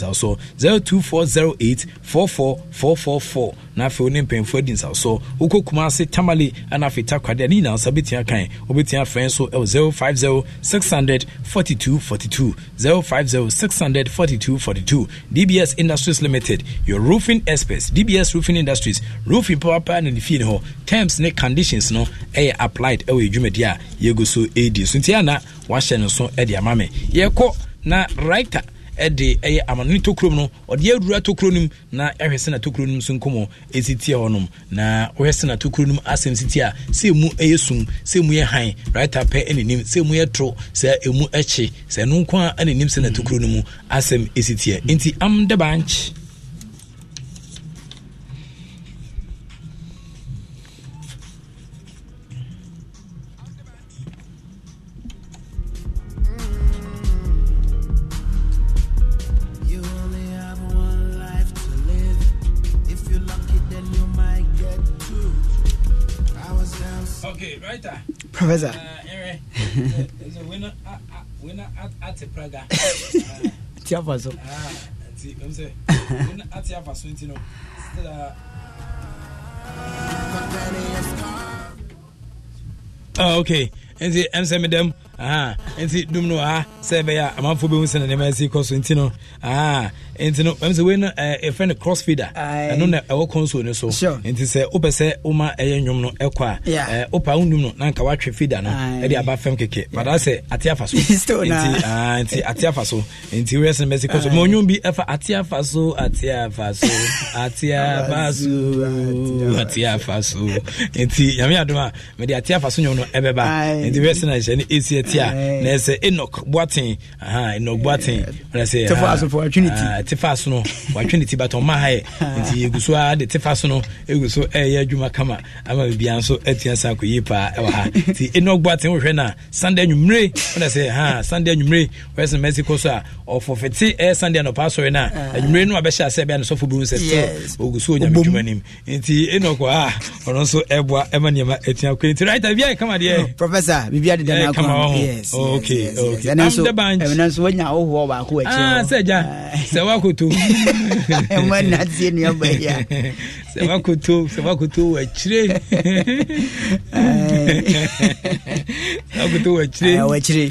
four four four four. na afei wo ne mpanyinfoɔ adi nsaw soɔ wokɔ kuma ase tamale ana afei takwade a ne nyinaa nsa bɛtumi akan wobɛtumi afrɛ nso ɛwɔ five zero six hundred forty two forty two. DBS Industries Limited your roofing experts DBS Roofing Industries roofing power power na ne terms ne conditions no ɛyɛ applied ɛwɔ adwumadi a yɛgu so ɛdi so nti ntia na wahyɛ no so de ama me yɛkɔ na writer ɛde ɛyɛ amano ne tokuro mu no ɔde awura tokuro no mu na ɛhwɛ sɛ na tokuro no mu so nkɔmɔ ɛsi tie hɔnom na wohwɛ sɛ na tokuro no mu asɛm si tie a sɛ ɛmu ɛyɛ sum sɛ ɛmu yɛ han raita pɛ ɛnenim sɛ ɛmu yɛ toro sɛ ɛmu ɛkye sɛ ɛno nko a ɛnenim sɛ na tokuro no asɛm ɛsi tie am de bankye writer. Uh, Professor. Uh, anyway, So (laughs) a not uh, uh, winner at, at Praga. (laughs) Uh, ti afa so. Ah, ti, I'm say, not at ti afa so no. Still uh, Oh, okay. nti ɛnsɛ mi dɛm ah, nti dum no ha ah, sɛ ɛbɛyɛ a amanfoɔ bɛhu sɛ na nneɛma ɛsi kɔ so nti no nti no ɛmu sɛ wei no ɛɛ eh, efɛn no crossfeeder ɛno na ɛwɔ console ne so nti sɛ wopɛ sɛ woma ɛyɛ nwom no ɛkɔ a ɛɛ eh, wopa ahu nwom no nanka watwe feeder no ɛde aba fam keke padà sɛ ate afa so (laughs) nti ɛɛ ah, nti ate afa so nti wei ɛsɛn bɛsi kɔsɔ mɛ onwom bi ɛfa ate afa so ate afa so ate (laughs) afa so ate afa so nti nyame adum a mɛde ate afa so nwom no ɛbɛba nti wei ɛsɛn na ɛhyɛ ne esi ɛte a na ɛsɛ enok boaten ɛnok boaten ɔna tefa no watwe ne ti batɔ ma ha yɛ (laughs) nti yɛgu so a de tefa no ɛgu so ɛyɛ adwuma kama ama bibia nso atua sa akɔ yie paa ɛwɔ ha nti ɛnu ɔgbɔ aten wohwɛ no sunday anwummere wona sɛ ha sunday anwummere wɔyɛ sɛ mɛsi kɔ so a ɔfɔfɛte ɛyɛ sunday anɔpa asɔre ah. no a no abɛhyɛ asɛ ɛbɛa ne bi mu sɛ sɛ so onyame dwuma nim nti ɛnu ɔkɔ a ɔno nso ɛboa ɛma nneɛma atua kɔ nti writer bia ɛkama deɛ professor biribia deda eh, no akɔ ok ok ɛno nso wanya wohoɔ baako akyirɛ ah, sɛ gya ah. sɛ wakoto ɛmɔ nateɛ nneɛma yi a sɛ wakoto sɛ wakoto wɔ akyire wakoto wɔ akyire wɔ akyire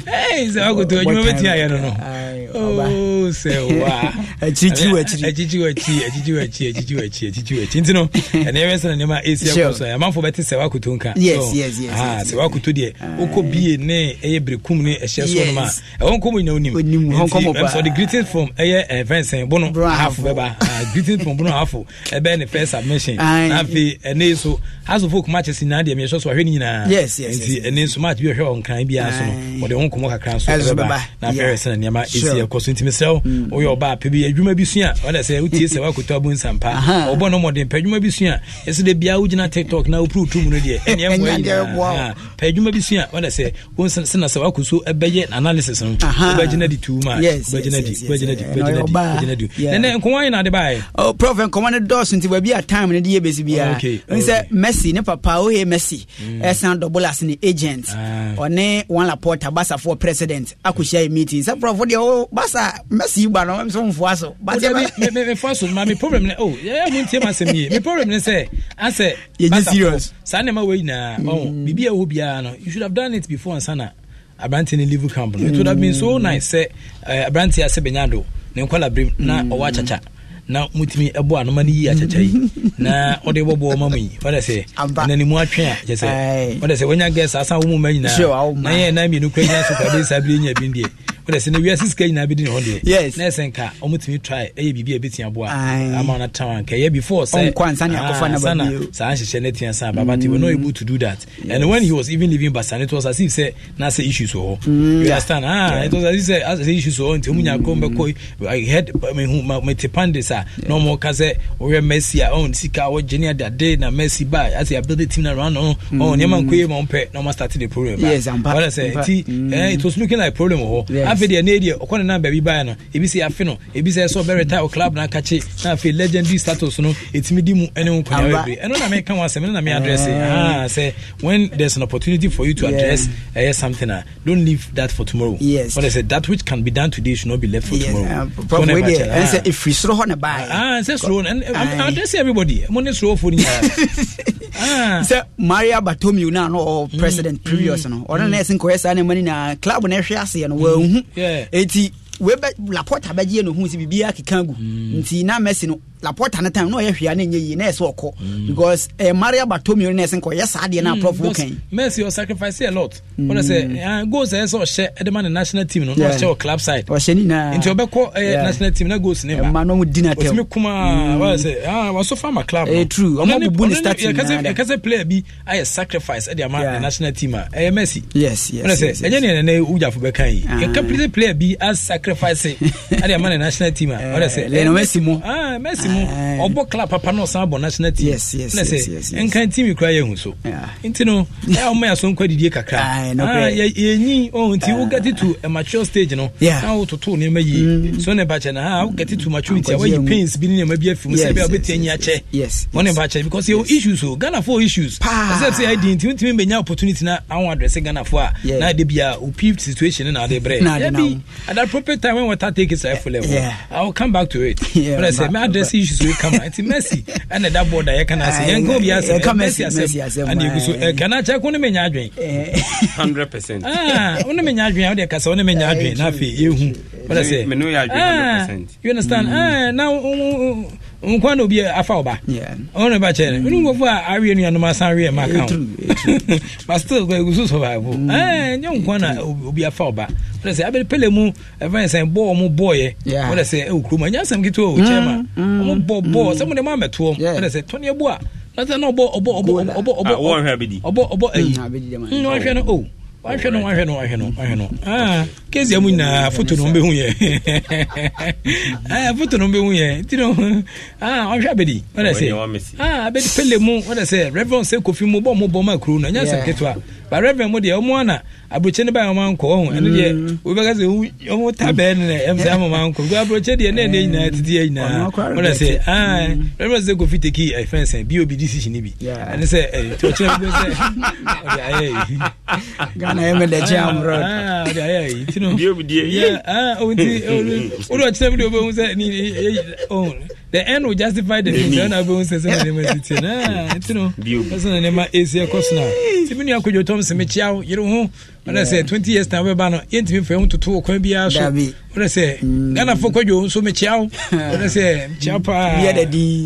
sɛ wakoto adwuma bɛtia yɛ no no ah, ọba akyikyi wakyiri akyikyi wakyi akyikyi wakyi akyikyi wakyi akyikyi wakyi nti no ɛna ɛyɛ sɛ na nneɛma esi akɔ so amanfo bɛte sɛwa koto nka so sɛwa koto deɛ okɔ bie ne ɛyɛ berekum ne ɛhyɛ so no ma ɛwɔ nkɔmɔ nyinaa onim nti ɛm sɔ de from ɛyɛ ɛfɛnsɛn eh, bono ahafo bɛba ah, greeting from bono ahafo ɛbɛyɛ first submission na afei ɛne so house of folk matches nyinaa deɛ miyɛsɔ so ahwɛ ne nyinaa nti ɛne so match bi ɔhwɛ ɔnkan bi aso no ɔde ɔnkɔmɔ kakra nso ɛbɛba na afei ɛyɛ yɛkɔ so ntimi sɛ mm. woyɛ ɔba apɛ bi adwuma bi sua ɔda sɛ wotie sɛ woakɔtɔ abu nsampa ɔbɔ no mmɔden pɛ adwuma bi sua ɛsɛ dɛ biaa wogyina tiktok na wopere wotu mu no deɛ ɛneɛmmoa pɛ adwuma bi sua ɔda sɛ sena sɛ woakɔ so ɛbɛyɛ analysis no wobɛgyina di tuu ma wobɛgyina di wobɛgyina di wobɛgyina di nɛnɛ nkɔwa yɛ nade baɛ prof nkɔma no dɔɔso nti baabi a time no de yɛ bɛsi biaa hu ah, sɛ messi ne papa wohɛ messi mm. ɛsan dɔbolas ne agent ah. ɔne wanlaporta basafoɔ president akɔhyia yɛ meeting sɛ prɔfo deɛ basa mɛsi gba no mɛsi nfoa so. mefa so ma me problem ne oh, yɛyɛ mu ntiɛ ma asɛm yie me problem ne sɛ asɛ basa saa nneɛma wɔ nyinaa ɔn mm-hmm. oh, biribi a ɛwɔ biara no you should have done it before ansana aberante ne leave camp no it would have been so mm-hmm. nice sɛ eh, aberante asɛ bɛnya do ne nkɔla birim na ɔwɔ mm-hmm. akyakya na mutumi ɛbɔ anoma no yi akyakya yi na ɔde bɔbɔ ɔma mu yi ɔdɛ sɛ nanimu atwe a kyɛ sɛ ɔdɛ sɛ wanya gɛ saa sa wo mu ma nyinaa na yɛ na mmienu kura nyina so kɔde saa bire nya bi deɛ wọ́n sẹ́ ní wíyásí sika yìí náà bẹ́ẹ̀ di ní ọ̀dẹ́ yes náà ẹ̀sẹ̀ nka ọmọ tìmí try ẹ̀yẹ bìbí ẹ̀ bẹ́ẹ̀ tiẹ̀ bọ́ a ama ọ̀nà tán ànkà ẹ̀yẹ before sẹ́ ọ̀nkọ́ ansa ni akọ́fà náà bàbá yìí sàn án hyehyẹ ne tiẹ̀ sàn bàbá tiẹ̀ we no mm. able to do that yes. and when he was even leaving Basan it was as sẹ́ na sẹ́ issues wọ̀ mm. you understand ah it was as sẹ́ as issues wọ̀ nti ọmọ kọ́ mbẹ́kọ́ I heard mi ti ma na afei deɛ ne deɛ ɔkɔ ne namba bi baa no ebi sɛ afe no ebi sɛ ɛsɛ ɔbɛ retire club na akakye na afei legendary status no ɛtumi di mu ne ho bebree ɛno na meka wɔ asɛm ɛno na me address ah. Ah, sɛ when there's an opportunity for you to address yeah. something ah, don't leave that for tomorrow yes but I said that which can be done today should not be left for yes. tomorrow ah, problem with it and say if you slow on buy ah say slow and I address everybody money slow for you ah say Maria Batomiu na mm, mm, mm. no president previous no ɔno na ɛsɛ nkɔyɛ saa ne mani na club na ɛhwɛ ase no wɔahu yeah. eti webe lapɔta bɛgye no hun si biribiara keka gu mm. nti na mɛsi no lapɔta no time na ɔyɛ hwea na ɛnyɛ yie na ɛsɛ ɔkɔ mm. because ɛɛ eh, maria batomio na ɛsɛ nkɔ ɔyɛ saa deɛ na mm, aprɔfo kan. mercy o sacrifice a lot ɔno sɛ eh, goals ɛyɛ sɛ ɔhyɛ ɛde ne national team no na ɔhyɛ ɔ club side ɔhyɛ ne nyinaa nti ɔbɛkɔ ɛyɛ eh, national team na goals ne ba ɛma na ɔmo di na tɛm ɔtumi kuma wɔyɛ sɛ wɔso ah, club no ɛyɛ true ɔmo bubu ne starting na ada yɛkasɛ player bi ayɛ sacrifice ɛde ama national team a yes yes yes ɛnyɛ ne yɛn nɛ ɔjafo bɛka sacrifice ɛde ama ne national team a ɔde sɛ lɛnɛ eh, eh, mɛsi mu ah, mɛsi mu eh. ɔbɔ club papa náà san bɔ national team yes yes yes yes nkan team kura yɛ hu nti no ɛyà wɔn yà so nkɔ didie kakra yɛnyi ɔhun ti wo get to a mature stage no na wo toto nneɛma yie mm. so ne ba kyɛ na ha wo get to maturity a wɔyi pains bi ne nneɛma bi afi mu sɛ ebi a wɔbɛti ɛnyi akyɛ wɔn ne ba kyɛ because yɛ wɔ issues o oh, Ghana fo issues ɛsɛ sɛ ɛdi nti ntumi mbɛnya opportunity na awon adresse Ghana fo a na de bi a o pivot situation na ade brɛ yɛ bi at every time when water take its effort level, yeah. I will come back to it. (laughs) yeah, but I say, my address issues will come. It's messy. (laughs) And that border, I can say, and go be as a messy as a and you eh, can check on the menu Hundred percent. Ah, on the menu how they can say on the menu you. But eh, I say, menu adwin. Ah, you understand? Mm-hmm. Ah, now nkwa na obi afa ọba ọhụrụ na ịba kyerɛ no nkwofu a awie nuanom asan awie ma ka ho but still kò egusu survive ɛɛ nye nkwa na obi afa ọba o de sɛ abiri pele mu ɛfɛn sɛ bɔɔl ɔmo bɔɔl yɛ o de sɛ ewu kurom ɛnyɛ asɛm ketewa o kyɛn ma ɔmo bɔ bɔɔl sɛmo de ma mɛtoɔ o de sɛ tɔni ebu a n'asɛ na ɔbɔ ɔbɔ ɔbɔ ɔbɔ ɔbɔ ɔbɔ ɔbɔ ɛyi ɔbɔ ɛhwɛ no o wahwɛ no wahwɛ no wahwɛ no wahwɛ no ah kezi amu nyinaa foto no mbɛhu yɛ (laughs) ah foto no mbɛhu yɛ nti no ah wahwɛ abedi wɔde sɛ ah abedi pele mu wɔde sɛ reverend sɛ mu bɔ mu bɔ mu akuro no nyɛ sɛ ketewa ba reverend mu deɛ ɔmo ana aburokye ne ba yɛn ɔmo ankɔ ɔho ɛno deɛ mm. wobɛka sɛ ɔmo ta bɛɛ no na ɛm sɛ ama ɔmo ankɔ nko aburokye deɛ ne ne nyinaa mm. tete yɛ nyinaa ɔmo sɛ aa mm. ɛmo sɛ kofi teki ɛfɛnsɛn eh, bi obi di sisi ne bi ɛne sɛ ɛɛ tí ɔkyerɛ bi sɛ ɔde ayɛ yi. ghana yɛ mɛ dɛkyɛ amurɔ. aa ah, ɔde ayɛ yi ti no bi obi di yɛ yɛ aa ah, ɔmo ti (laughs) ɔde ɔkyerɛ bi de obi ohun sɛ ni ɛyɛ ɔmo the end will justify the means ɛna obi ohun sɛ sɛ ɔmo ne ma titi naa ti no ɛsɛ ɔmo ne ma esi ɛkɔ so na ti mi nua kojú tom simi kyiaw yiri ho ɔnɛ sɛ twenty years na wobɛba no yɛntumi fɛ ho toto kwan biara mm. so wonɛ sɛ ghanafoɔ kwadwo nso mekyia wo (laughs) wonɛ sɛ mekyia paa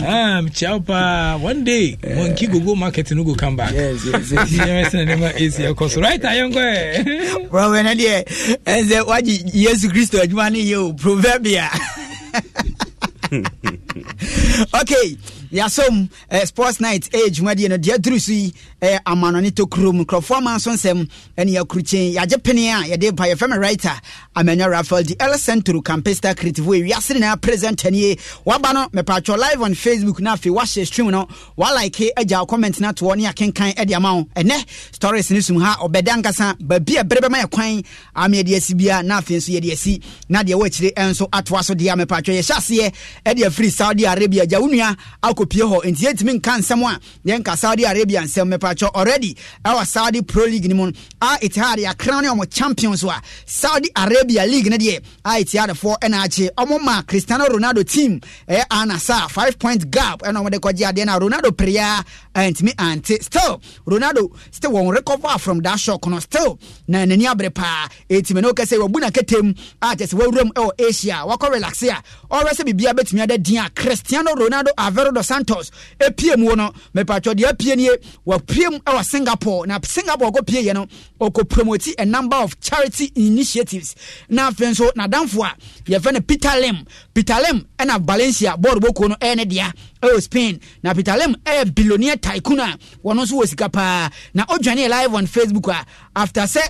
ah, mekyia wo paa one day eh. monki gogo market no go come back yɛmɛsɛ nnoɔma ɛsi ɛkɔ so right a yɛnkɔ ɛ brɔwɛ no deɛ ɛnsɛ woagye yesu kristo adwuma no yɛ o proverbia (laughs) (laughs) okay eh, sports night ɛyɛ eh, dwumadeɛ no deɛ aduru so yi ɛyɛ eh, amanɔne tokuro mu nkurɔfoɔ ama nso nsɛm ɛne yɛakurukyɛn yɛagye pene a yɛde ba yɛfɛ me writer amanya rafael de el centro campista creative wɔ ewiase ne naa presenter nie waba no mepatwɔ live on facebook na afei wahyɛ stream no walike agya comment no atoɔ ne akenkan ɛde ama wo ɛnɛ stories no sum ha ɔbɛda ankasa baabi a bere bɛma yɛ kwan ama yɛde asi bia na afei nso yɛde asi na deɛ wɔakyire nso atoa so deɛ a mepatwɔ yɛhyɛ aseɛ de afiri saudi arabia gya wo nua akɔ opie hɔ nti yɛntumi nka nsɛm a yɛnka saudi arabia nsɛm mepakyɛ already ɛwɔ saudi pro league no mu no a itihad yɛakra ne ɔmo champions a saudi arabia league no deɛ a itihadfoɔ ɛna akye ɔmo ma cristiano ronaldo team ɛyɛ anasa five point gap ɛna ɔmo de kɔgye adeɛ na ronaldo perea ɛntumi ante still ronaldo still wɔn recover from that shock no still na n'ani abere paa etimi na okɛse wɔbu na ketem a kyɛ sɛ wɔwuram ɛwɔ asia wakɔ relaxia, a ɔwɛ sɛ biribiara bɛtumi ada din a cristiano ronaldo averodo santos epiem wo no mepatwɔ deɛ apie nie wapiem ɛwɔ singapore na singapore ɔkɔpie yɛ no ɔkɔ promote a number of charity initiatives na afei nso n'adamfo a yɛfrɛ no peter lim peter lim ɛna valencia bɔɔdo bɔkuo no ɛyɛ ne dea ɛwɔ spain na peter lim ɛyɛ Bilonia tycoon a wɔn nso wɔ sika paa na ɔdwane live on facebook a after sɛ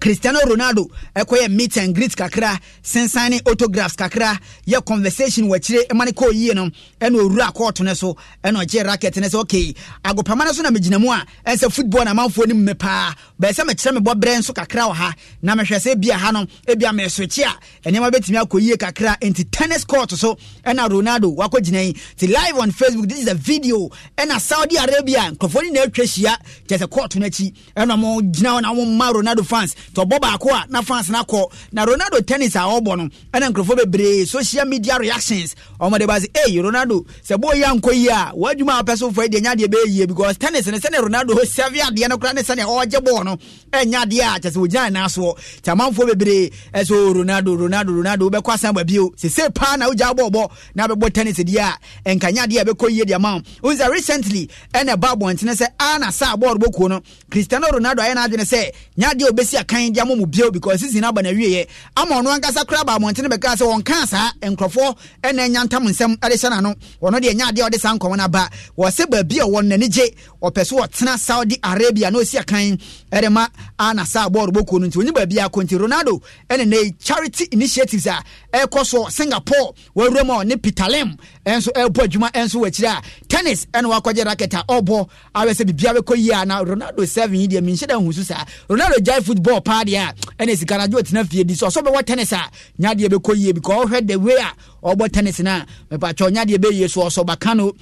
cristiano ronaldo ɛkɔyɛ meet and greet kakra sensan ne autographs kakra yɛ conversation wɔ akyire ma ne kɔɔ yie no ɛna ɔwura kɔɔto ne so ɛna ɔgye racket ne sɛ okay agopama no so na megyina mu a ɛsɛ football na amanfoɔ no mme paa bɛɛ sɛ mekyerɛ mebɔ berɛ nso kakra wɔ ha na mehwɛ sɛ bia ha no ebia mesokye a ɛnneɛma bɛtumi akɔ yie kakra enti tennis court so ɛna ronaldo wakɔgyina yi nti live on facebook this is a video ɛna saudi arabia nkurɔfoɔ no na atwa ahyia kyɛ sɛ court no akyi ɛna mo gyina hɔ na moma ronaldo fans tɔbɔ baako a na fans na kɔ na ronaldo tennis a ɔbɔ no ɛna nkurɔfoɔ bebree social media reactions ɔmɔde ba se ee ronaldo sɛ bɔ yɛ nkɔ yie a wadwuma a wɔpɛ so fɔ deɛ nya deɛ yie because tennis ne sɛnɛ ronaldo (laughs) sɛbi adeɛ no kora ne sɛnɛ ɔgye bɔɔl no ɛnya adeɛ a kyɛ sɛ ogyina ɛna soɔ kyɛ amanfoɔ bebree ɛso oh, ronaldo ronaldo ronaldo wobɛkɔ asan ba bio sese paa na wogya bɔɔbɔ na bɛbɔ tennis deɛ a ɛnkanya deɛ a bɛkɔ yie deɛ ma wo recently ɛna ɛba abɔntene sɛ ana saa bɔɔl bɔkuo no cristiano ronaldo ayɛ no adwene sɛ nya deɛ obɛsi akan kwan de ama mu bio because season aba na wieɛ ama ɔno ankasa kora ba abɔntene bɛka sɛ wɔnkaa saa nkurɔfoɔ ɛna anya ntam nsɛm de hyɛ n'ano ɔno deɛ nya adeɛ a ɔde saa nkɔmɔ no aba wɔsɛ baabi a wɔn n'ani gye ɔpɛ so wɔtena saudi arabia na osi akan ɛde ma ana saa bɔɔl bɔkuo no nti onye baabi akɔ nti ronaldo ɛne ne charity initiatives a ɛkɔ so singapore wɔawura mu a ɔne peter lim ɛnso ɛrebɔ adwuma ɛnso wɔ akyire a tennis ɛna wakɔgye racket a ɔbɔ awɛ sɛ biribiara kɔ yie a na ronaldo seven yi deɛ menhyɛ da nhu so saa ronaldo gyae football paa deɛ a ɛna sika no adwo atena fie di sɛ ɔsɛ bɛwɔ tennis a nyadeɛ bɛkɔ yie because ɔhwɛ the way a ɔbɔ tennis no a mepakyɛ nyadeɛ bɛyie so ɔsɔ baka no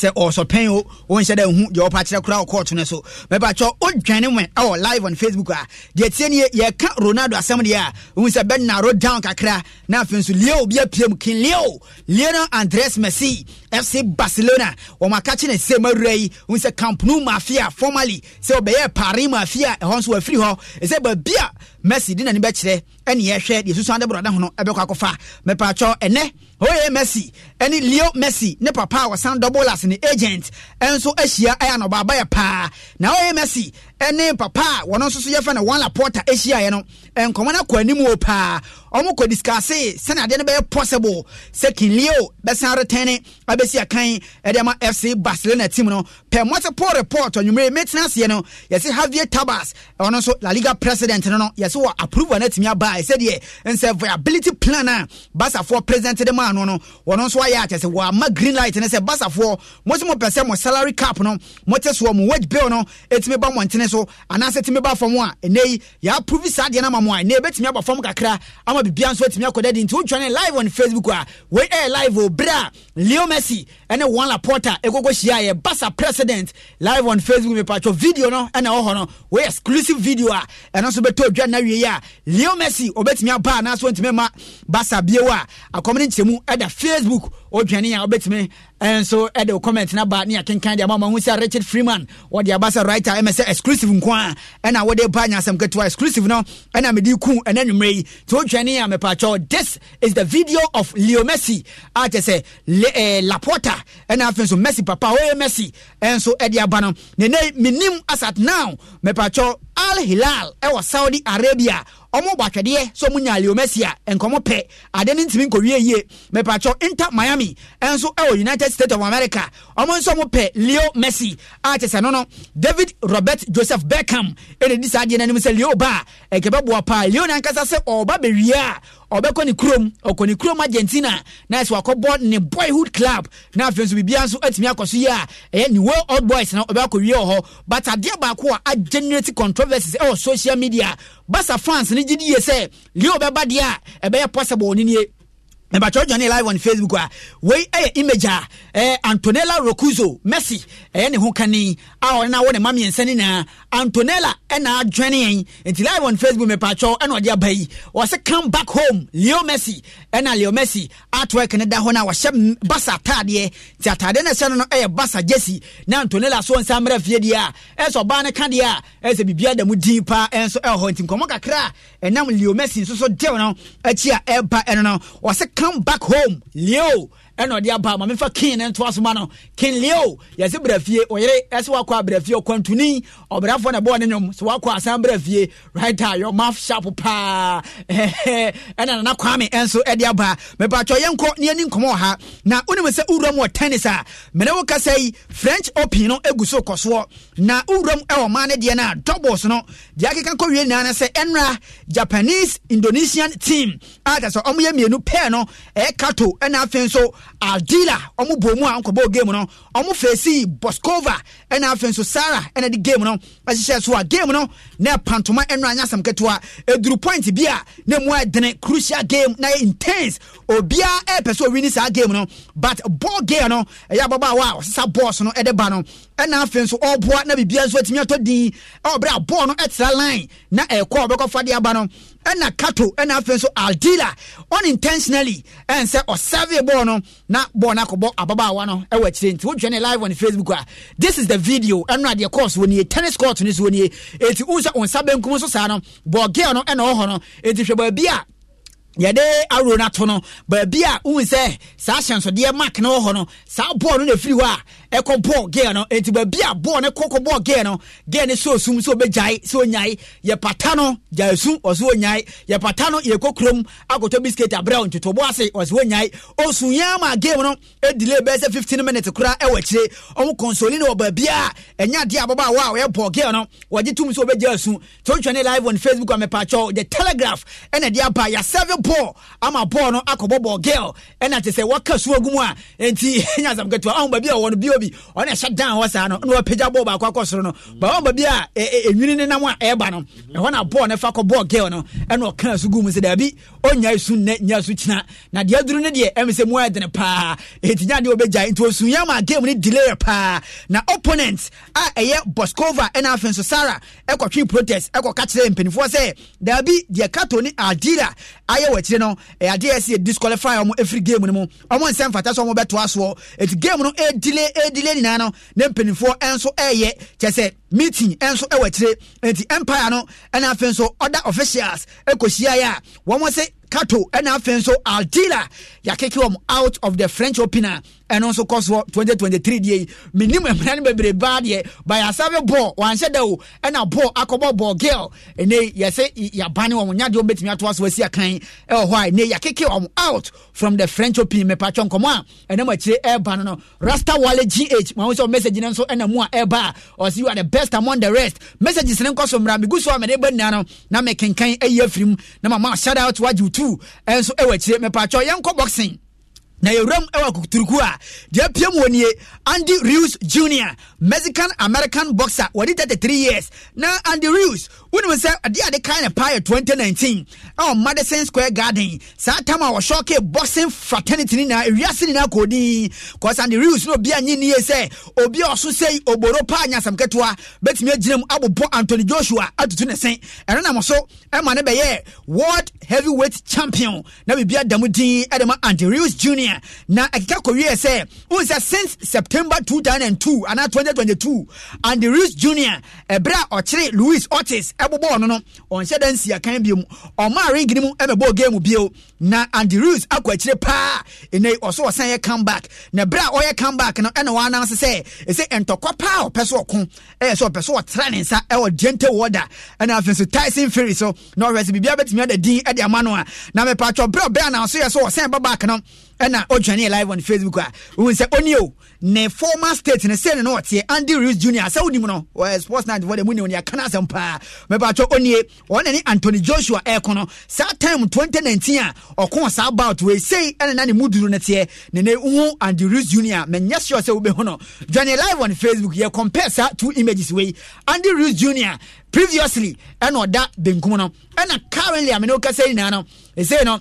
sɛ ɔsɔpɛn o wɔnhyɛ dɛ hu deɛ ɔpa kyerɛ koraa ɔkɔɔto no so mɛpakyɛ wodwane mu ɛwɔ live on facebook a deɛ tie nie yɛka ronaldo asɛm deɛ a wohu sɛ bɛnaro down kakra na afei nso leo bi apiem kin leo leo no andres messi fc barcelona wɔn aka ne sɛm awura yi wɔn sɛ camp nou mafia formally. sɛ ɔbɛyɛ paris mafia ɛhɔ nso wafiri hɔ ɛsɛ baabi a messi di n'ani bɛkyerɛ ɛne yɛhwɛ deɛ susan de borɔda ho no ɛbɛkɔ akɔfa mɛpaatwɔ ɛnɛ oyè messi ɛne leo messi ne papa a wɔsan double las ne agent ɛnso ahyia ɛyɛ anɔbaaba yɛ paa na oyè messi ne papa a wɔno nso so yɛfɛ no one laporta ahyiaeɛ no nkɔmmɔ no akɔ anim o paa ɔmo kɔ discase sɛne no bɛyɛ possible sɛ kinlio bɛsan retɛne abɛsi akan ɛde ama fc barcelona team no pɛ multiple report anwummerɛ mɛtena aseɛ no yɛse javier tabas ɔno nso la liga president no no yɛse wɔ approval no atumi abaa ɛsɛ deɛ nsɛ viability plan a basafoɔ president de maa no no wɔno nso ayɛ akyɛ sɛ wɔama green light no sɛ basafoɔ mo sɛ mopɛ sɛ mo salary cap no mo mote soɔ mo wage bill no ɛtumi ba mmɔntene so anaasɛ tumi ba fam a ɛnɛ yi yɛaprovi saa deɛ no ama mo a ɛnɛ yɛbɛtumi aba fam kakra ama biribia nso atumi akɔda di nti wotwane live on facebook a wei ɛyɛ live o berɛ a leo messi ɛne wan laporta ɛkɔkɔ hyia yɛ basa president live on facebook mepatwɔ video no ɛna ɛwɔ hɔ no wei exclusive video a ɛno nso bɛtɔ odwa no awie a leo messi ɔbɛtumi aba anaasɛ ɔntumi ma basa bio a akɔm no nkyerɛmu ɛda facebook wodwane a wobɛtumi nso ɛde wo comment no ba ne akenkan deɛ mama hu sɛ richard freeman wɔde aba sɛ writer ɛmɛ sɛ exclusive nko a ɛna wode ba nyasɛm ketewa exclusive no ɛna mede ku ɛna nwummerɛ yi nti wodwane a mepaakyɛw this is the video of leo messi a kyɛ sɛ laporta ɛna afei so messi papa Leo oh, messi ɛnso ɛde aba no nene menim asat now mepaakyɛw al hilal ɛwɔ saudi arabia ɔmo bɔ atwɛdeɛ sɛ ɔmo nya leo messi a nkɔmɔ pɛ ade no ntumi nkɔwie yie mɛpakyɛ inter miami nso ɛwɔ e united states of america ɔmo nso ɔmo pɛ leo messi a te sɛ no david robert joseph beckham ɛna e di saa adeɛ no sɛ leo ba a e ɛkɛbɛboa paa leo no ankasa sɛ ɔba bɛwie a ɔbɛkɔ ne kurom ɔkɔ ne kurom argentina na ɛsɛ wakɔbɔ ne boyhood club na afei nso biribia nso atumi akɔ so yi a ɛyɛ ne wo old boys na ɔbɛkɔ wie wɔ hɔ but adeɛ baako a agenerate controversies ɛwɔ social media basa France no gye die sɛ leo bɛba deɛ a ɛbɛyɛ possible ɔne nie mɛbatwɛ johnny live on facebook a wei ɛyɛ eh, image a eh, antonella rocuzo messi ɛyɛ eh, ne ho kani a ɔne no wɔ ne ma mmiɛnsa no nyinaa antonella na adwene yɛn nti live on facebook mɛpatwɛ ɛna ɔde aba yi wɔse come back home leo messi na leo messi artwork ne da hɔ no a wɔhyɛ basa ataadeɛ nti ataadeɛ na ɛhyɛ no no ɛyɛ basa jesi na antonella so nsa mmerɛ fie deɛ a ɛsɛ eh, ɔbaa ne ka deɛ a ɛsɛ eh, biribia da mu din paa ɛnso ɛwɔ hɔ nti nkɔmmɔ kakra a ɛnam leo messi nso so dew no akyi a ɛba ɛno no wɔse come back home. Leo, ɛna ɔde aba maame fa kin ne ntoa soma no kin leo yɛsi brɛfie ɔyere ɛsi wakɔ abrɛfie ɔkɔntuni ɔbrɛfo na bɔɔ ne nyom so wakɔ asan brɛfie right a your mouth sharp paa (laughs) ɛhɛhɛ ɛna nana kwame ɛnso ɛde aba mɛpatwɛ yɛn kɔ ne yɛni nkɔmɔ ha na onim sɛ owura mu wɔ tennis a mene wo kasa yi french open e e no egu so kɔ soɔ na owura mu ɛwɔ maa ne deɛ no a doubles no deɛ akeka kɔ wie nyinaa no sɛ ɛnra japanese indonesian team a kyɛ sɛ ɔmo yɛ mmienu pair no ɛyɛ e kato ɛna afei nso aldila ɔmo bɔ mu a nkɔbɔ game no ɔmo fɛsi Boskova. ɛna afei nso sara ɛna de game no ɛhyehyɛ so a game no na pantoma ɛnura anya asɛm ketewa eduru point bi a na mu ɛdene crucial game na yɛ intense obiara ɛɛpɛ sɛ owin saa game no but ball game no ɛyɛ ababaawa a ɔsesa balls no ɛde ba no ɛna afei nso ɔɔboa na biribiara nso atumi atɔ din ɛwɔbere a ball no ɛtera line na ɛɛkɔ ɔbɛkɔ fa de aba no ɛna kato ɛna afei nso aldila unintentionally ɛn sɛ ɔsɛve no na ball no akɔbɔ ababaawa no ɛwɔ akyire nti wotwɛ live on facebook a this is the video ɛno adeɛ course wɔ nie tennis court no so wɔ nie eti n sɛ nsa benkum so saa no bɔl gale no ɛna ɔwɔ hɔ no eti hwɛ baabi a yɛde awuro no ato no baabi a wohu saa hyɛnsodeɛ mark no wɔ no saa bɔɔl no na ɛfiri hɔ a ɛkɔ bɔɔl gɛɛ no eti baabi a bɔɔl ne koko bɔɔl gɛɛ no gɛɛ ne so sum so obɛgyae so onyae yɛ pata no gya esu ɔso onyae yɛ pata no yɛ kɔ kurom akɔtɔ bisiketi abirɛ ntotobo ase ɔso onyae osun yɛn ama game no edile bɛyɛ sɛ fifteen minutes kura ɛwɔ e akyire ɔmo kɔnsoli ne wɔ baabi a ɛnya ababa ababaawa a ɔyɛ bɔɔl gɛɛ no wɔgye tum so obɛgya esu tontwa ne live on facebook amepatwɔ the telegraph ɛna de aba yasɛve bɔɔl ama bɔɔl no akɔbɔ bɔɔl gɛɛ ɛna te sɛ wɔka suo gu mu a enti ɛnya asam ketewa ɔmo bi ɔne ɛhyɛ dan hɔ saa no na wapagya bɔɔl baako akɔ soro no bawa ba bi a ɛnwini ne nam a ɛɛba no ɛhɔ na bɔɔl ne fa kɔ bɔɔl gale no ɛna ɔka so gu mu sɛ daabi ɔnya su nnɛ nya su kyina na deɛ aduru no deɛ ɛm sɛ mu ayɛ dene paa ɛtinya deɛ ɔbɛgya nti ɔsuya ma game no delay paa na opponent a ɛyɛ boscova ɛna afei nso sara ɛkɔtwe protest ɛkɔka kyerɛ mpanimfoɔ sɛ daabi deɛ kato ne adira ayɛ wɔ no ɛyɛ adeɛ ɛsɛ disqualify ɔmo ɛfiri game no mu ɔmo nsɛm fata sɛ ɔmo bɛtoa soɔ ɛti game no ɛdile ɛdile ɛdi lɛ nyinaa no ne mpanimfoɔ nso ɛɛyɛ kyɛ sɛ meeting nso ɛwɔ akyire nti empire no ɛna afei nso other officials ɛkɔhyiaeɛ a wɔn sɛ Kato and Afenso Altila yakeke wɔn out of the French opener ɛno ah. nso kɔ soɔ 2023 deɛ yi menim mmara no bebree baa deɛ bayasabe bɔɔl wanhyɛ da o ɛna bɔɔl akɔbɔ bɔɔl girl ɛne yɛsɛ yabane wɔn nyadeɛ wɔn bɛtumi atoa so asi akan ɛwɔ hɔ a ne yakeke wɔn out from the French opener mepatwɛ ah. nkɔmɔ a ɛnam akyire ɛɛba no no Rasta Wale GH ma wɔn message no nso ɛna mu a ɛɛba a ah. ɔsi you are the best among the rest messages ne nkɔ so mmara megu so a mɛde na mɛkenkan ɛyi afirim na shout out wagye two nso wɔ akyire mepatwɔ yɛnkɔ boxing na yɛwuram ɛwɔ kuturuku a deɛ piem wɔ nie andy rews jr mexican american boxer wɔde 33 years na andy rews wonim sɛ ɛde ade kae ne paa yɛ 2019 ɛwɔ madison square garden saa tam a wɔhyɛwkee boxing fraternity nyinaa ewiase nyinaa kɔɔ din kɔs andy rews na obi a nye nie sɛ obi a ɔso sɛ oboro paa nyasam ketewa bɛtumi agyina mu abobɔ anthony joshua atutu ne sen ɛno nam so ɛma ne bɛyɛ world heavyweight champion na biribia da mu din ɛde ma andy rews jr a na ɛkeka kɔwieɛ sɛ wohu sɛ since september 2002 anaa 2022 and the junior ɛberɛ a ɔkyere louis ortis ɛbobɔɔ no no ɔnhyɛ da nsiakan bio mu ɔmaa ring no mu ɛmɛbɔɔ game bio na andy ris akɔ akyire paa ɛnɛ ɔso ɔsan yɛ come back na berɛ a ɔyɛ come back no ɛna wɔananse sɛ ɛsɛ ɛntɔkwa paa ɔpɛ so ɔko ɛyɛ sɛ ɔpɛ so ɔtra ne nsa ɛwɔ diente wɔda ɛna afei nso tyson fury so na ɔhwɛ sɛ biribia bɛtumi ada din ɛde ama no a na mepatwɔ berɛ ɔbɛa na so yɛ so ɔsɛn babaak no ɛna ɔtwane live on facebook a wohu sɛ ɔni o ne former state ne sɛne na ɔteɛ andy rews junior sɛ wonim no ɔyɛ sports night fɔ de mu ne ɔne aka no asɛm paa mɛbaatwɛ ɔnie ɔne ne anthony joshua ɛɛko no saa time 2019 a ɔkɔɔ saa bout wei sei ɛne na ne mu duru no teɛ ne ne wo andy rews junior menyɛ sure sɛ wobɛhu no dwane live on facebook yɛ compare saa two images wei andy rews junior previously ɛna ɔda benkum no ɛna currently amene wokasɛ nyinaa no ɛsei no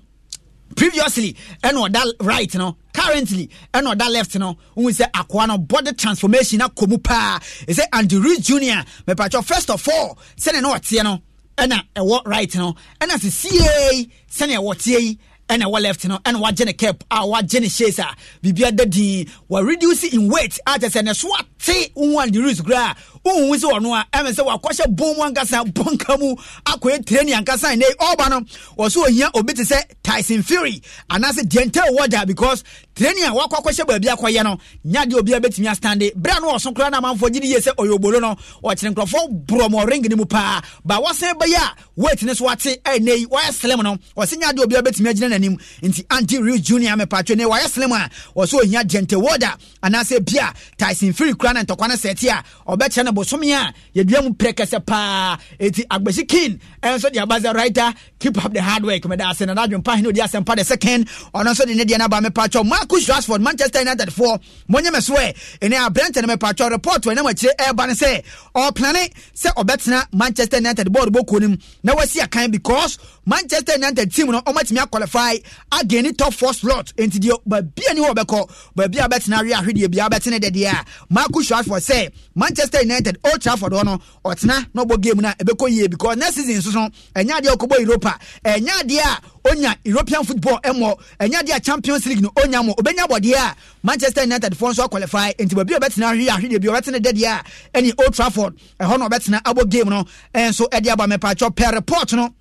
previously ɛna ɔda right no currently ɛna ɔda left no ohun sɛ akoa no body transformation na kɔ mu paa ɛsɛ andy reed junior mɛpatwɛ first of all sɛnɛ na ɔteɛ no ɛna ɛwɔ right no ɛna sɛ sie sɛnɛ ɛwɔ teɛ yi ɛna ɛwɔ left no ɛna wagye ne cap a wagye ne shades a biribi ada dii wareduce in weight a kyerɛ sɛ ne so ate nwa de rules koraa wohuhu sɛ ɔno a ɛmɛ sɛ wakɔhyɛ bon mu ankasa (laughs) bɔnka mu akɔyɛ training ankasa ne ɔba no wɔ so ohia obi te sɛ Tyson Fury anaasɛ Deontay Wilder because training a wakɔ akɔhyɛ baabi akɔyɛ no nyadeɛ obi a bɛtumi astande berɛ a no ɔso koraa no amanfoɔ gye ne yie sɛ ɔyɛ obolo no ɔkyere nkurɔfoɔ borɔmɔ ring no mu paa ba wɔsɛn bɛyɛ a weight ne so ate ɛnɛ yi wɔyɛ no ɔsɛ nyadeɛ obi a bɛtumi agyina anim nti anti real junior mepatwe ne wayɛ slim a wɔsɛ ohia gente woda anaasɛ bia tyson firi kora na ntɔkwa no sɛte a ɔbɛkyɛ no bosome a yɛdua mu prɛ kɛsɛ paa ɛti agbasi kin ɛnso de abasa writer keep up the hard work meda ase na nadwempa hene odi asɛmpa the second ɔno nso de ne deɛ no aba mepatwɛ marcus rashford manchester united foɔ monyɛ me soɛ ɛne aberɛntɛ no mepatwɛ report ɛnam akyire ɛɛba no sɛ ɔplane sɛ ɔbɛtena manchester united bɔɔde bɔkuo no mu na wasi akan because manchester united team no ɔmatumi aqualify nnan agye ne top four slot the but be any ne wɔ but be a bɛtena awie ahwedeɛ bia bɛtena dedeɛ a marcus rashford say manchester united old trafford hɔ oh no ɔtena na ɔbɔ game no a ɛbɛkɔ because next season nso so ɛnyɛ adeɛ ɔkɔbɔ europa ɛnyɛ adeɛ a onya european football ɛmɔ ɛnyɛ adeɛ a champions league no onya mɔ obɛnya bɔdeɛ manchester united fɔ nso akɔlɛfae nti be a ɔbɛtena ahwedeɛ ahwedeɛ bia ɔbɛtena dedeɛ a any old trafford ɛhɔ na ɔbɛtena abɔ game no and so Eddie aba mɛpaatwɔ pɛ report no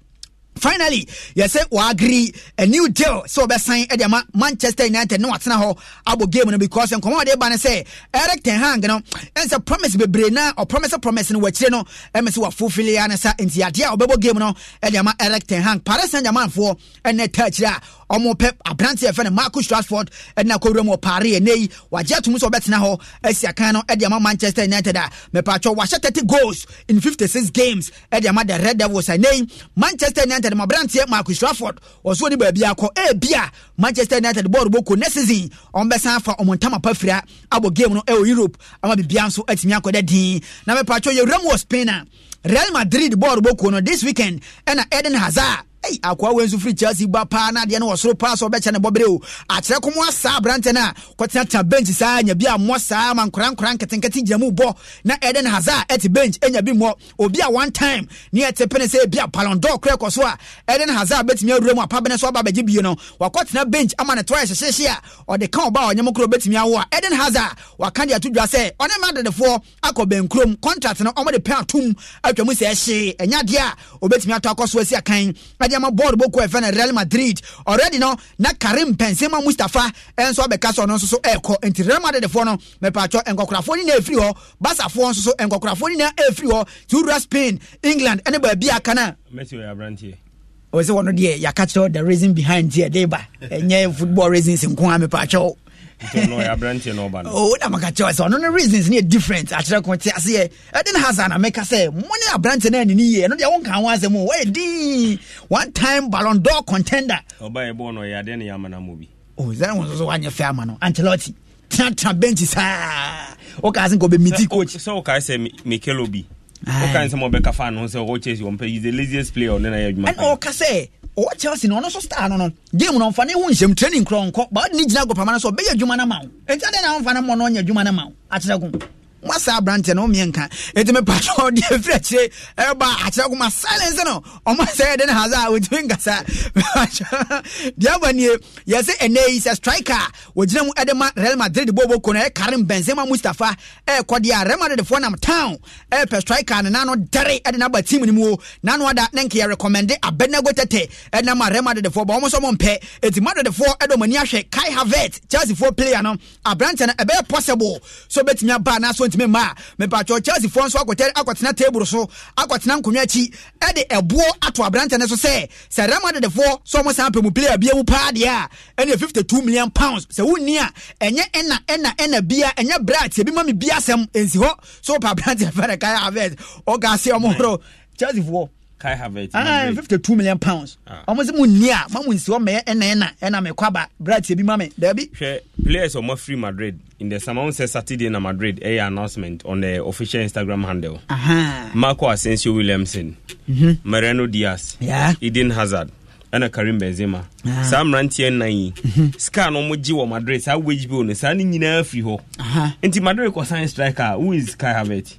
finally yɛsɛ wɔagree a new deal sɛ wɔbɛsan de ama manchester united ne watena hɔ abɔ game no because nkɔmmɔ wɔde ba no sɛ eric ten hang no ɛnsɛ promise bebree na ɔpromise promise no wakyire no ɛmɛ sɛ wɔafofili a ne sa nti adeɛ a wɔbɛbɔ game no de ama eric ten hang paris saint germanfoɔ ɛnɛ ta akyire a ɔmo pɛ aberante yɛfɛ no Marcus Rashford ɛna kɔwura mu ɔpaare yɛ n'eyi wagye atum sɛ ɔbɛtena hɔ asi akan no ɛde ama Manchester United a mɛpatwɛ wahyɛ thirty goals in fifty six games ɛde ama the Red Devils nei, Manchester United mu aberanteɛ Marcus Rashford ɔso ni baabi akɔ ebia Manchester United bɔɔlu bɔ ko next season ɔmo bɛsan afa ɔmo ntama pafira abɔ game no ɛwɔ Europe ama bibia nso atumi akɔdɛ din na mɛpatwɛ yɛwura mu wɔ Spain a Real Madrid bɔɔlu bɔ ko no this weekend ɛna Eden Hazard. Hey, akwa wenzu firi Chelsea ba paa na adeɛ no soro paa sɛ ɔbɛkyɛ ne bɔbere o akyerɛ ko mu asaa aberante no a kɔtenatena bench saa nya bi a mmɔ saa ma nkorankora nketenkete gyina mu bɔ na ɛde no hasa a ɛte bench ɛnya bi mmɔ obi a one time ne ɛte pene sɛ bi a palondor korɛ kɔ so a ɛde no hasa a bɛtumi awura mu apabene so aba abɛgye bie no wakɔtena bench ama ne toa ɛhyehyehye a ɔde ka ɔba a ɔnyɛ mo korɔ bɛtumi awo a ɛde no hasa a waka de ato dwa sɛ ɔne ma adedefoɔ akɔ bɛnkurom contract no de pɛ atom atwa mu sɛ ɛhyee ɛnya deɛ a ɔbɛtumi atɔ akɔ so asi akan ade ama board boko ɛfɛ no real madrid already no na karim pɛnsema mustafa nso abɛka sɛ ɔno nso so ɛrekɔ nti real madridfoɔ no mɛpaatwɔ nkɔkorafoɔ ni na ɛfiri hɔ basafoɔ nso so nkɔkorafoɔ ni na ɛfiri hɔ ti wura spain england ne baabi aka no a ɔsɛ wɔno deɛ yɛaka kyerɛ the reason behind deɛ de ba ɛnyɛ football reasons nko a mepaakyɛw woda oh, maka kyɛw sɛ ɔno no reasons ne yɛ different akyerɛ ko te aseɛ ɛde no hasa na meka sɛ mo ne aberante no anini yie ɛno deɛ wonka ho asɛm o woyɛ din one time ballon dor contender sɛ wo oh, so so woanyɛ fɛ ama no antelote tenatena bench saa wokaa sɛ nka wobɛmiti coachsɛ wokae sɛ mekelo bi wokae sɛ ma ɔbɛka fa no sɛ ɔwɔ oh, chase ɔmpɛ is the laziest player ɔne na yɛ adwuma ɛna ɔka sɛ ɔwɔ chelsea na ɔno nso star no no game na ɔmfa ne ho nhyɛm training korɔ nkɔ ba ɔde ne gyina agopama no so ɔbɛyɛ adwuma no ma wo ɛnti adɛn na ɔmfa no mmɔ no ɔnyɛ adwuma no ma wo akyerɛ wasa aberanteɛ no womiɛ nka ɛti mepatɛ ɔde (laughs) afiri akyire ɛba akyerɛ koma silence no ɔma sɛ yɛde no hasa a wɔtumi nkasa deɛ ba nie yɛ sɛ ɛnɛ yi sɛ striker a wɔgyina mu ɛde real madrid bɔbɔ ko no e karim benzema mustafa ɛɛkɔdeɛ e a real madridfoɔ nam town ɛɛpɛ e striker no nanu dare ɛde no aba team no mu o nano ada ne nkeyɛ recommende abednego tɛtɛ ɛnam a real madridfoɔ ba ɔmo sɛ ɔmompɛ ɛti madridfoɔ ɛde ɔmani ahwɛ kai havert chelseafoɔ player no aberanteɛ no ɛbɛyɛ possible so bɛtumi aba ntumi mma a mepatwɛ chelsea foɔ nso akɔtɛ akɔtena table so akɔtena nkonnwa akyi ɛde ɛboɔ ato aberante no so sɛ sɛ real madrid foɔ sɛ ɔmo san pɛ mu player bia mu paa deɛ a ɛne 52 million pounds sɛ wonni a ɛnyɛ ɛna ɛna ɛna bia ɛnyɛ bra tie bi ma me bia asɛm ɛnsi hɔ so wopɛ aberante (laughs) fɛrɛ kaɛ avɛs ɔga se ɔmo horɔ chelsea Kai Havertz. Ah, 52 million pounds. Almost mu nia, ma mu nsi o me na na na me kwaba. Bright bi ma me. Dabi. Hwe players of free Madrid in the summer on Saturday na Madrid a announcement on the official Instagram handle. Aha. Marco Asensio Williamson. hmm Mariano Diaz. Yeah. Eden Hazard. ɛna karim benzema ah. saa mmeranteɛ nnan yi mhm. sika no mogye wɔ madrid saa wage bill no saa ne nyinaa firi hɔ nti madrid kɔsan striker who is kai havert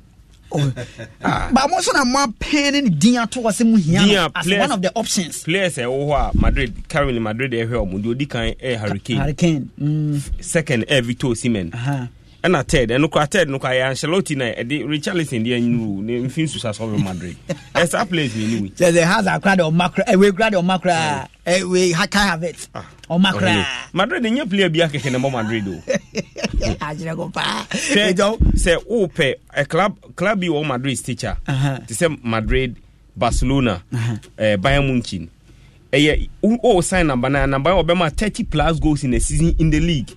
(laughs) Ah. but mo nso na mo apɛn ne din ato ɔsɛ mu hia as players, one of the options. players ɛwɔ eh, hɔ a madrid currently madrid ɛhwɛ eh, ɔmo deɛ odi kan ɛyɛ eh, hurricane. Mm. second ɛyɛ victor osimhen. Uh -huh ɛna third ɛno kora third no kora yɛ ancelotti na ɛde richarlison deɛ nuru ne mfin susa sɔfo madrid ɛsa place ne niwi sɛ sɛ hazard kora de ɔma kora ɛwɛ kora de ɔma kora ɛwɛ haka havet ah. ɔma kora madrid nyɛ player bi akeke ne bɔ madrid o (laughs) agyerɛ paa sɛ sɛ wopɛ ɛ club club bi wɔ madrid teacher uh-huh. te sɛ madrid barcelona ɛɛ uh-huh. bayern munich ɛyɛ o sign number nine number one ɔbɛma thirty plus goals in a season in the league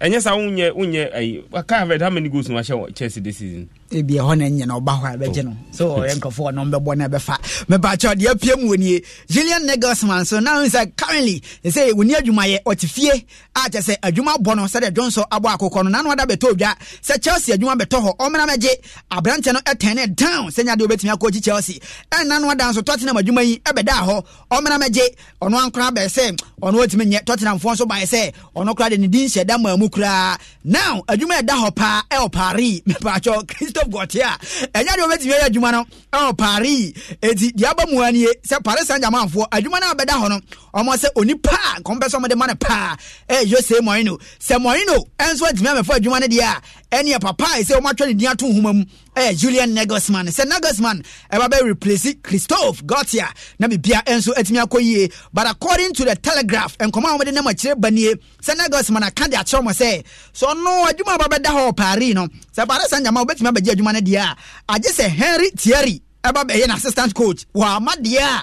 ɛnyɛ saa wonyɛ wonyɛ ayi kaavɛd how many goals na chelsea this season. ebi ɛhɔ na nyina ɔba hɔ a bɛgye no so oh. ɔyɛ nkɔfoɔ ɔno bɛbɔ na bɛfa mɛbakyɛ deɛ apue mu nie julian negelsman so now sɛ currently sɛ wɔni adwumayɛ ɔte fie a kyɛ sɛ adwuma bɔ no sɛdeɛ johnson abɔ akokɔ no nano ada bɛtɔ odwa sɛ chelsea adwuma bɛtɔ hɔ ɔmena mɛgye aberanteɛ no ɛtɛn ne down sɛ nyadeɛ wobɛtumi akɔgye chelsea ɛnano ada nso tottenham adwuma yi ɛbɛdaa hɔ ɔmena mɛgye ɔno ankora bɛɛ sɛ ɔno watumi nyɛ tottenhamfoɔ nso baɛ sɛ ɔno koraa de ne din hyɛ da maa mu koraa now adwuma ɛda hɔ paa ɛwɔ paari (laughs) mepaakyɛ christophe gɔte a ɛnyɛ deɛ wɔbɛtumi ɛyɛ adwuma no ɛwɔ paari eti deɛ aba mu sɛ paris saint germain foɔ adwuma no a bɛda hɔ no ɔmo sɛ onipa a kɔmpɛ sɛ ɔmo ma no paa ɛyɛ Jose Mourinho sɛ Mourinho ɛnso atumi amɛfo adwuma no deɛ a ɛneɛ papa a ɛsɛ ɔmo atwa ne din ato nhoma mu ɛyɛ Julian Nagelsmann sɛ Nagelsmann ɛba bɛ replace Christophe Gautier na bibia ɛnso atumi akɔ yie but according to the Telegraph nkɔmɔ a wɔde nam akyerɛ banie sɛ Nagelsmann aka de akyerɛ ɔmo sɛ so ɔno adwuma a ɔba bɛda hɔ Paris no sɛ Paris Saint-Germain obɛtumi abɛgye adwuma no deɛ a agye sɛ Henry Thierry ɛba bɛyɛ assistant coach wɔ ama deɛ a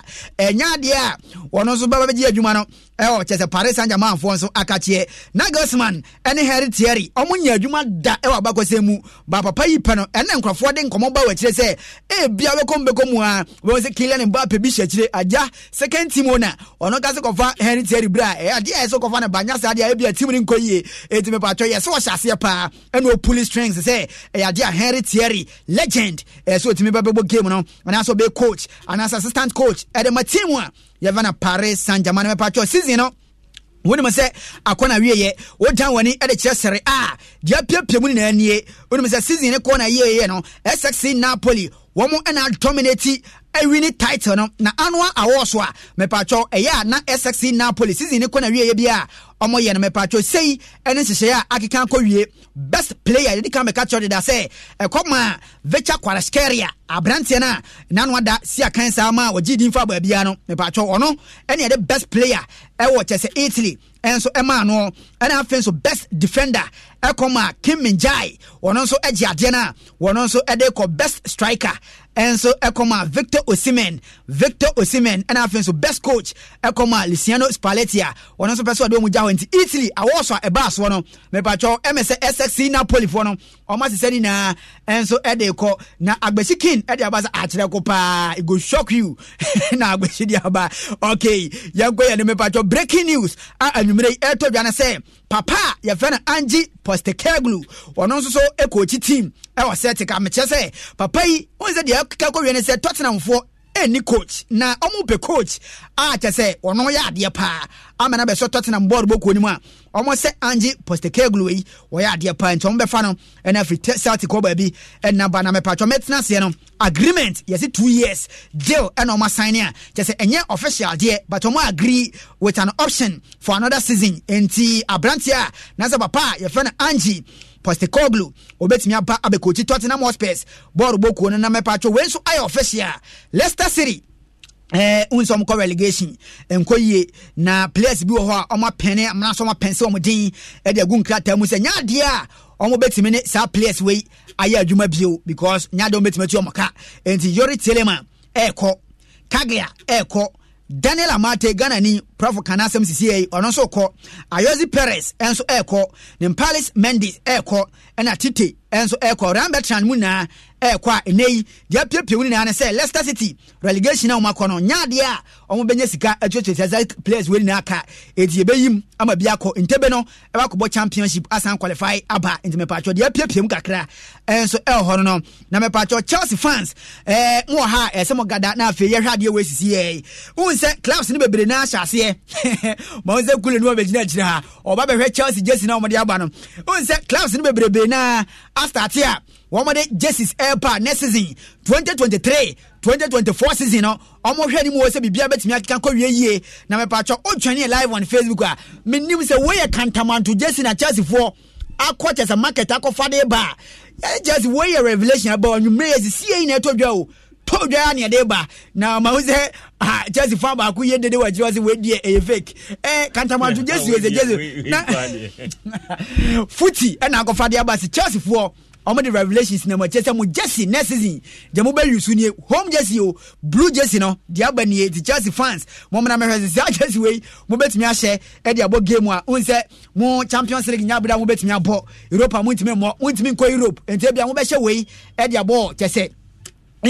ɛnya eh, deɛ a wɔn nso bɛba bɛgye adwuma no ɛwɔ kyɛ paris saint germain foɔ nso aka kyeɛ ɛne harry thierry ɔmo nya adwuma da ɛwɔ abakɔsɛ mu ba papa yi pɛ no ɛne nkurɔfoɔ de nkɔmɔ ba wɔ akyire sɛ ebia bɛkɔ mu a wɔn sɛ kylian mbappe bi hyɛ akyire agya second team owner ɔno ka sɛ kɔfa harry thierry bra ɛyɛ adeɛ a ɛsɛ kɔfa no banya saa adeɛ a ebia team ne nkɔ yie eti mɛpa atɔ yɛ sɛ wɔhyɛ aseɛ paa ɛna opuli strength sɛ ɛyɛ adeɛ a harry thierry legend ɛsɛ otumi bɛbɛbɔ game no anaasɛ ɔbɛ coach anaasɛ assistant coach ɛde ma team a yɛfa paris saint germain mɛpa kyɛw season no wonim sɛ akɔna wieyɛ wogyan w'ani de kyerɛ sere a deɛ apiapia mu nyinaa nie wonim sɛ season ne kɔɔ yieyɛ no ɛsɛse napoli wɔn ɛna dominate ɛwini title no na annual award so a mɛpatwɔ ɛyɛ a na sxc napoli season ne kɔ na wieɛ bi a wɔn yɛ no mɛpatwɔ sɛyi ɛne nhyehyɛeɛ a akeka akɔ wie best player yɛde kan mɛka kyerɛ deda sɛ ɛkɔma vecha kwalaskeria aberanteɛ no a n'anua da si akan saa ma wɔgye din fa baabiara no mɛpatwɔ ɔno ɛne yɛde best player ɛwɔ kyɛ sɛ italy nso ɛma eh, ano ɛna afei nso best defender ɛkɔm eh, a kim minjai wɔn nso agye adeɛ no a wɔn nso ɛde eh, kɔ best striker ɛnso ɛkɔm a victor osimen victor osimen ɛna afei nso best coach ɛkɔm a luciano spalletti a wɔn nso pɛ sɛ ɔde wɔn gya hɔ nti italy awɔsɔ a ɛbaa soɔ no mɛpatwɛw ɛmɛ sɛ sxc napoli foɔ no ɔmo asesɛ nyinaa nso ɛde kɔ na agbesi kin ɛde aba sɛ akyerɛ ko paa ego shock you (laughs) na agbesi de aba okay yɛnkɔ yɛn no mepatwɔ breaking news a anwummerɛ yi ɛtɔ dwa no papa a yɛfrɛ no angi postekeglu ɔno nso so ɛkɔɔkyi team ɛwɔ sɛ teka mekyerɛ sɛ papa yi wohu sɛ deɛ ɛkeka kɔwie no sɛ tottenamfoɔ ɛni coach na ɔmo pɛ coach a ah, kyɛ sɛ ɔno yɛ adeɛ paa ama na bɛsɛ tottenham board bɔ kuo no mu a ɔmo sɛ ange postekeglo yi ɔyɛ adeɛ paa nti ɔmo bɛfa no ɛna afiri celtic kɔ baabi ɛna ba na mɛpatwɔ mɛtena aseɛ no agreement yɛsi two years jail ɛna ɔmo asan ne a kyɛ sɛ ɛnyɛ official deɛ but ɔmo agree with an option for another season nti aberanteɛ a na sɛ papa a yɛfrɛ no ange Postecoglou obetumi aba abɛkɔkyi Tottenham Hotspurs bɔɔl bɔ kuo no na mɛpatwo wei nso ayɛ official Leicester City ɛɛ eh, nsom kɔ relegation nkɔ yie na players bi wɔ hɔ a ɔmo apɛnɛ amena so ɔmo apɛnsɛ ɔmo din ɛde agu nkrataa mu sɛ nyɛ adeɛ a ɔmo betumi ne saa players wei ayɛ adwuma bio because nyɛ adeɛ ɔmo betumi atu ɔmo ka nti Yori telema, ɛɛkɔ Kaglia ɛɛkɔ daniel amate ghanani prɔfo kana sisi sisieyi ɔno nso kɔ ayosi perez nso ɛrekɔ nimpalis mendis ɛrekɔ ɛna tite nso ɛrekɔ rambetran mu nyinaa ɛɛkɔ a ɛnɛ yi deɛ apiapia wo nyinaa ne sɛ leicester city relegation a wɔmakɔ no nyaadeɛ a ɔmo bɛnya sika atwetwe sɛ sɛ players wei nyinaa ka ɛti yɛbɛyim ama bi akɔ ntebe no ɛbɛkɔbɔ championship asan qualify aba nti mepatwɔ deɛ apiapia mu kakra ɛnso ɛwɔ hɔ no na mepatwɔ chelsea fans ɛɛ nwɔ ha ɛsɛ mo gada na afei yɛhwɛ adeɛ wei sisi yɛ wohun sɛ clubs no bebree naa hyɛ aseɛ (laughs) ma wohun sɛ kule no abɛgyina akyire ha ɔba bɛhwɛ chelsea jersey na ɔmo de aba no wohun sɛ clubs no bebree naa astate wɔmɔde jerseys ɛɛpa next season 2023 2024 season no ɔmohwɛ no mu wɔ sɛ biribia bɛtumi akeka kɔwie yie na mɛpatwɛ wotwane live on facebook a menim sɛ woyɛ kantamanto jersey na chelseafoɔ akɔ kyɛ sɛ market akɔfa de ba a yɛne chelsea woyɛ revelation aba ɔnwummerɛ yɛ sisiei na ɛtɔ dwa o tɔ dwa a neɛde ba na ma wo sɛ chelsea fan baako yɛ dede wɔ akyirɛ sɛ wɔadiɛ ɛyɛ fake eh, kantamanto jersey wɔ sɛ jersey na foti ɛna akɔfa de aba se chelseafoɔ ɔmo de revelations na mo kyerɛ sɛ mo jersey next season deɛ mo bɛ yusu nie home jersey o blue jersey no deɛ aba nie ti chelsea fans mo mena mɛhwɛ sɛ saa jersey wei mo bɛtumi ahyɛ ɛde abɔ game a n sɛ mo champions league nya abira mo bɛtumi abɔ europa mo ntumi mɔ mo ntumi nkɔ europe nti ebi a mo bɛhyɛ wei ɛde abɔ kyɛ sɛ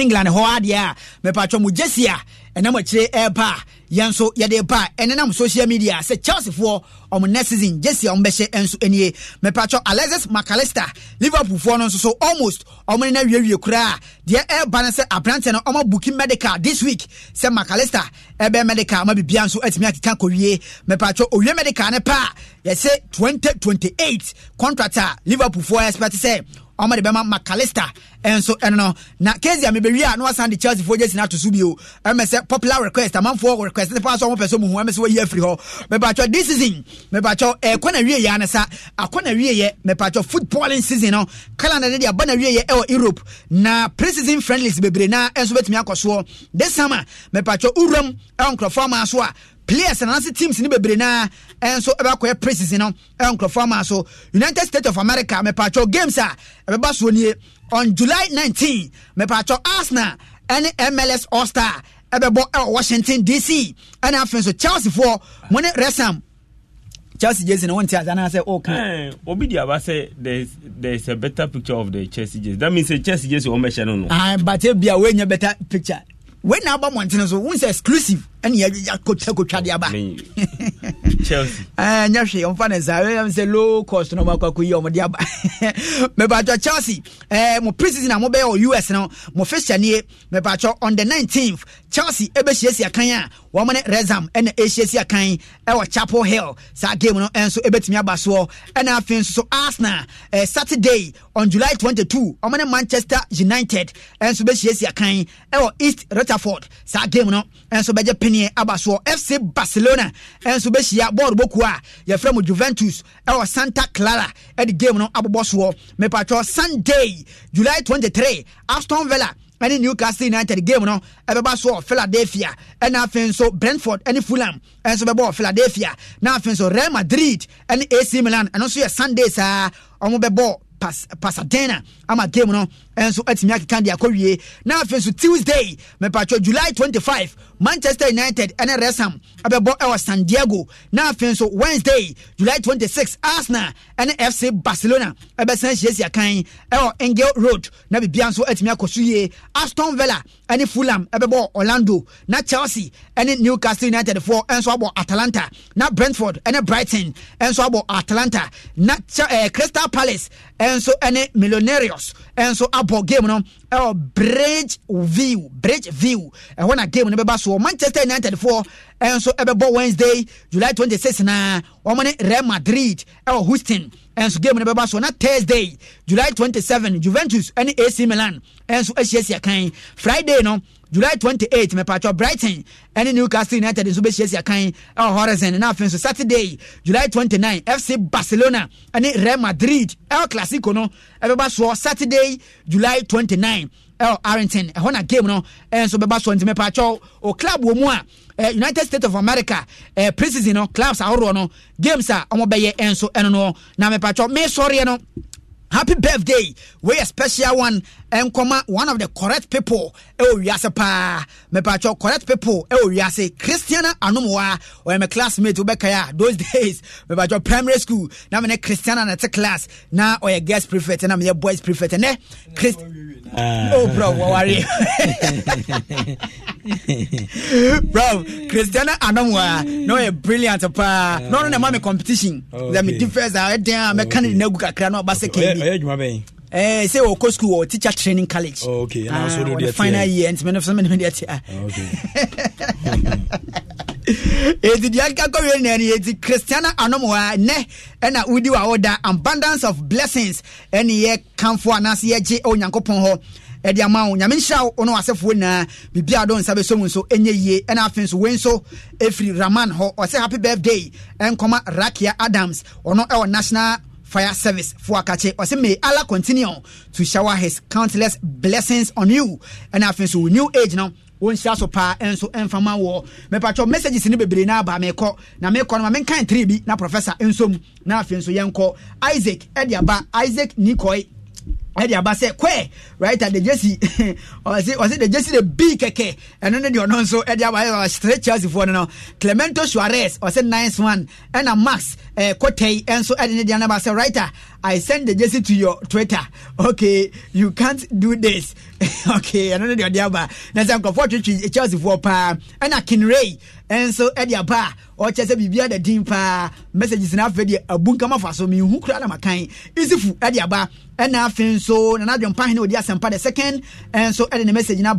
england hɔ adeɛ a mɛpatwɛ mo jersey a ɛnam akyire ɛɛba a yɛn nso yɛde ba ɛnenam social media sɛ chelseafoɔ ɔmo next season jesse a ɔmo bɛhyɛ nso nie mepatwɔ alexis mcallister liverpoolfoɔ no nso so almost ɔmo ne na wiewie koraa deɛ ɛɛba no sɛ aberanteɛ no ɔmo buki medical this week sɛ mcallister ɛbɛ medical ɔmo bibia nso atumi akeka kɔwie mepatwɔ owie medical no paa yɛsɛ twenty twenty eight contract a liverpoolfoɔ expect sɛ de ɔmɔde bɛma Macalester, ɛnso ɛno no na kezi a mebɛwie a na wasan de chelsea foɔ gyesina ato so bio ɛmɛ sɛ popular request amanfoɔ request ne paa sɛ ɔmo pɛ sɛ ɔmo hu ɛmɛ sɛ wɔyi afiri hɔ mɛpatwɔ this season mɛpatwɔ ɛkɔ na wie yɛ anasa akɔ na wie yɛ mɛpatwɔ footballing season no calendar de de aba na wie yɛ ɛwɔ europe na pre-season friendlies bebree na ɛnso bɛtumi akɔ soɔ this summer mɛpatwɔ uram ɛwɔ nkurɔfoɔ ama so a players and anase teams ni bebree naa ɛnso ɛbɛkɔ yɛ preseason no ɛnkurɔfoɔ ama so united states of america mɛpàtɔ games a ɛbɛba soɔ nie on july nineteen mɛpàtɔ arsenal ɛne mls all star ɛbɛbɔ ɛwɔ e, washington dc ɛna afei nso chelsea foɔ mo ne resam chelsea jersey na wọn ti azana sɛ o kan. obi di aba sɛ there is a better picture of the chelsea jersey that means say chelsea jersey wɔn bɛ hyɛ no no. ah but ebi a wo nye better picture wei na aba mmɔntene so wohu sɛ exclusive ɛne yɛakɔtwa de aba nyɛ hwee ɔmfa ne saa ɛm sɛ low cost no makɔakɔyi ɔmde aba (laughs) mepatwɔ chelsea eh, mo preseason a mobɛyɛ wɔ us no mo fɛhyɛneɛ mepatwɔ on the nineteenth chelsea ɛbɛhyiasia kan a wɔn ne resam ɛna ɛhyiasia e kan ɛwɔ chapel hill saa game no ɛnso ɛbɛtumi aba soɔ ɛna afei nso arsenal ɛɛ eh, saturday on july twenty two wɔn ne manchester united ɛnso bɛhyiasia kan ɛwɔ east rutherford saa game no ɛnso bɛgye panyin aba soɔ fc barcelona ɛnso bɛhyia bɔɔlu boku a yɛfrɛ mo juventus ɛwɔ santa clara ɛde game no abobɔ soɔ mepatwɔ sunday july twenty three aston villa ɛne newcastle united game no ɛbɛba so wɔ philadelphia ɛna afei nso brentford ɛne fulham ɛnso bɛbɔ wɔ philadelphia na afei nso real madrid ɛne ac milan ɛno nso yɛ sunday saa ɔmo bɛbɔ pasadena ama game no nso atumi akeka de akɔwie na afei nso tuesday mepatwɛ july 25 manchester united ne resham abɛbɔ ɛwɔ san diego na afei nso wednesday july 26 arsenal ne fc barcelona ɛbɛsan hyiasia kan ɛwɔ engel road na biribia nso atumi akɔ so yie aston villa ne fulham ɛbɛbɔ orlando na chelsea ne newcastle united foɔ nso abɔ atalanta na brentford ne brighton nso abɔ atalanta na eh, crystal palace nso ne millonarios nso abɔ abɔ game no ɛwɔ bridge view bridge view ɛhɔ na game no bɛba so manchester united foɔ ɛnso ɛbɛbɔ wednesday july twenty six na wɔn ne real madrid ɛwɔ houston ɛnso game no bɛba so na thursday july twenty seven juventus ɛne ac milan ɛnso ahyiahyia kan friday no july 28 mepatwɔ brighton ɛne newcastle united nso bɛhyia siakan ɛwɔ horizon na afei nso saturday july 29 fc barcelona ɛne real madrid el clasico no ɛbɛba soɔ saturday july 29 ɛwɔ arrington ɛhɔ na game no ɛnso bɛba soɔ nti mepatwɔ o club wɔ mu a Uh, united states of america uh, preseason no clubs ahoroɔ no games a wɔbɛyɛ nso ɛno no na Me mesɔreɛ no happy birthday We a special one comma one of the correct people Oh, ɛwɔ pa Me mepatwɛ correct people ɛwɔ wiase christiana anomoa or me classmate wobɛkae those days mepatwɛ primary school na mene christiana na tek class na a guest prefect na a boys prefect ɛnɛ christ oh bro wawari bro christiana anamwa no a brilliant pa. No, no, na ɛma a competition sɛ medi first a ɛdɛn a mɛka ne nna gu kakra na ɔba sɛ kɛbi Eh, say we go school or teacher training college. Oh, okay. And uh, also ah, do the final year, and so many of them do the eti deɛ nka kɔwie na ɛne christiana anomwa nɛ ɛna wodi wɔ awoda abundance of blessings ɛne yɛkamfo anaasɛ yɛgye onyankopɔn hɔ ɛde ama wo nyame nhyira wo ne wasefoɔ nyinaa biribia dɔ nsa bɛsɔ mu nso ɛnyɛ yie ɛna afei nso wei nso ɛfiri raman hɔ ɔsɛ happy birthday ɛnkɔma rakia adams ɔno ɛwɔ e national fire service for akache or may allah continue to shower his countless blessings on you and i feel so new age now wɔnhyia so paa ɛnso ɛmfama wɔ mepatwɔ messages no bebree no aba mekɔ na mekɔ no ma menkan tiri bi na professor nsom na afei nso yɛnkɔ isaac ɛde aba isaac nikoi ɛde aba sɛ kɔɛ raita de jesi ɔsi ɔsi de jesi de bii kɛkɛ ɛno ne deɛ ɔno nso ɛde aba ɛyɛ ɔsere chelsea foɔ no no clemento suarez ɔsi nines one ɛna max uh, Kotei Enso eh, Adinedianaba eh, said, Writer, ah, I send the jersey to your Twitter. Okay, you can't do this. (laughs) okay, I don't know the idea, but that's a comfort Chelsea for pa and a Kinray Enso Ediaba or Chelsea Bibia the Dimpa messages in our video. A bunkama for so me who cried my kind. Easy for Ediaba and nothing so another pahino, the assembly second and so adding a message in our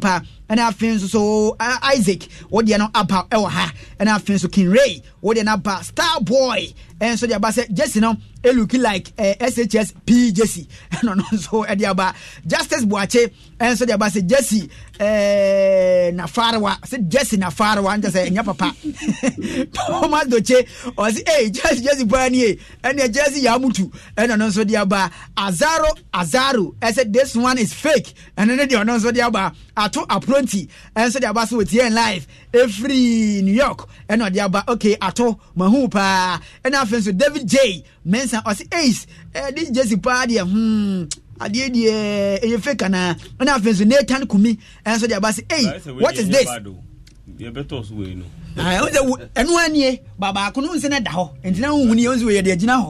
ɛna afei nso so isaac wɔdeɛ no aba ɛwɔ ha ɛna afei nso kinray wɔdeɛ no aba starboy ɛnso deɛ aba sɛ jesse no it look like uh, SHS PJC ɛno no nso ɛde eh, aba Justice Buakye ɛnso eh, de aba sɛ Jesse na eh, Nafarewa sɛ Jesse na Nafarewa n tɛ sɛ ɛnyɛ papa (laughs) Thomas Doche ɔsi ee Jesse Jesse bɔra ni ye ɛnna Jesse Yamutu ɛno no nso de aba Azaro Azaro ɛsɛ this one is fake ɛno ne deɛ ɔno nso de aba Ato Apronti ɛnso de aba sɛ wɔtie live efiri New York ɛna ɔde aba okay Ato mahu paa ɛna afei David J mensa ɔsi ace ɛɛ eh, dis jesi paa deɛ hmm adeɛ deɛ ɛyɛ fake ana ɛna afei nso nathan kumi ɛnso deɛ abasi hey what is this. yɛbɛtɔ so wei no. no nsɛn ɛda hɔ ntina nhuni yɛn nso yɛ deɛ gyina hɔ.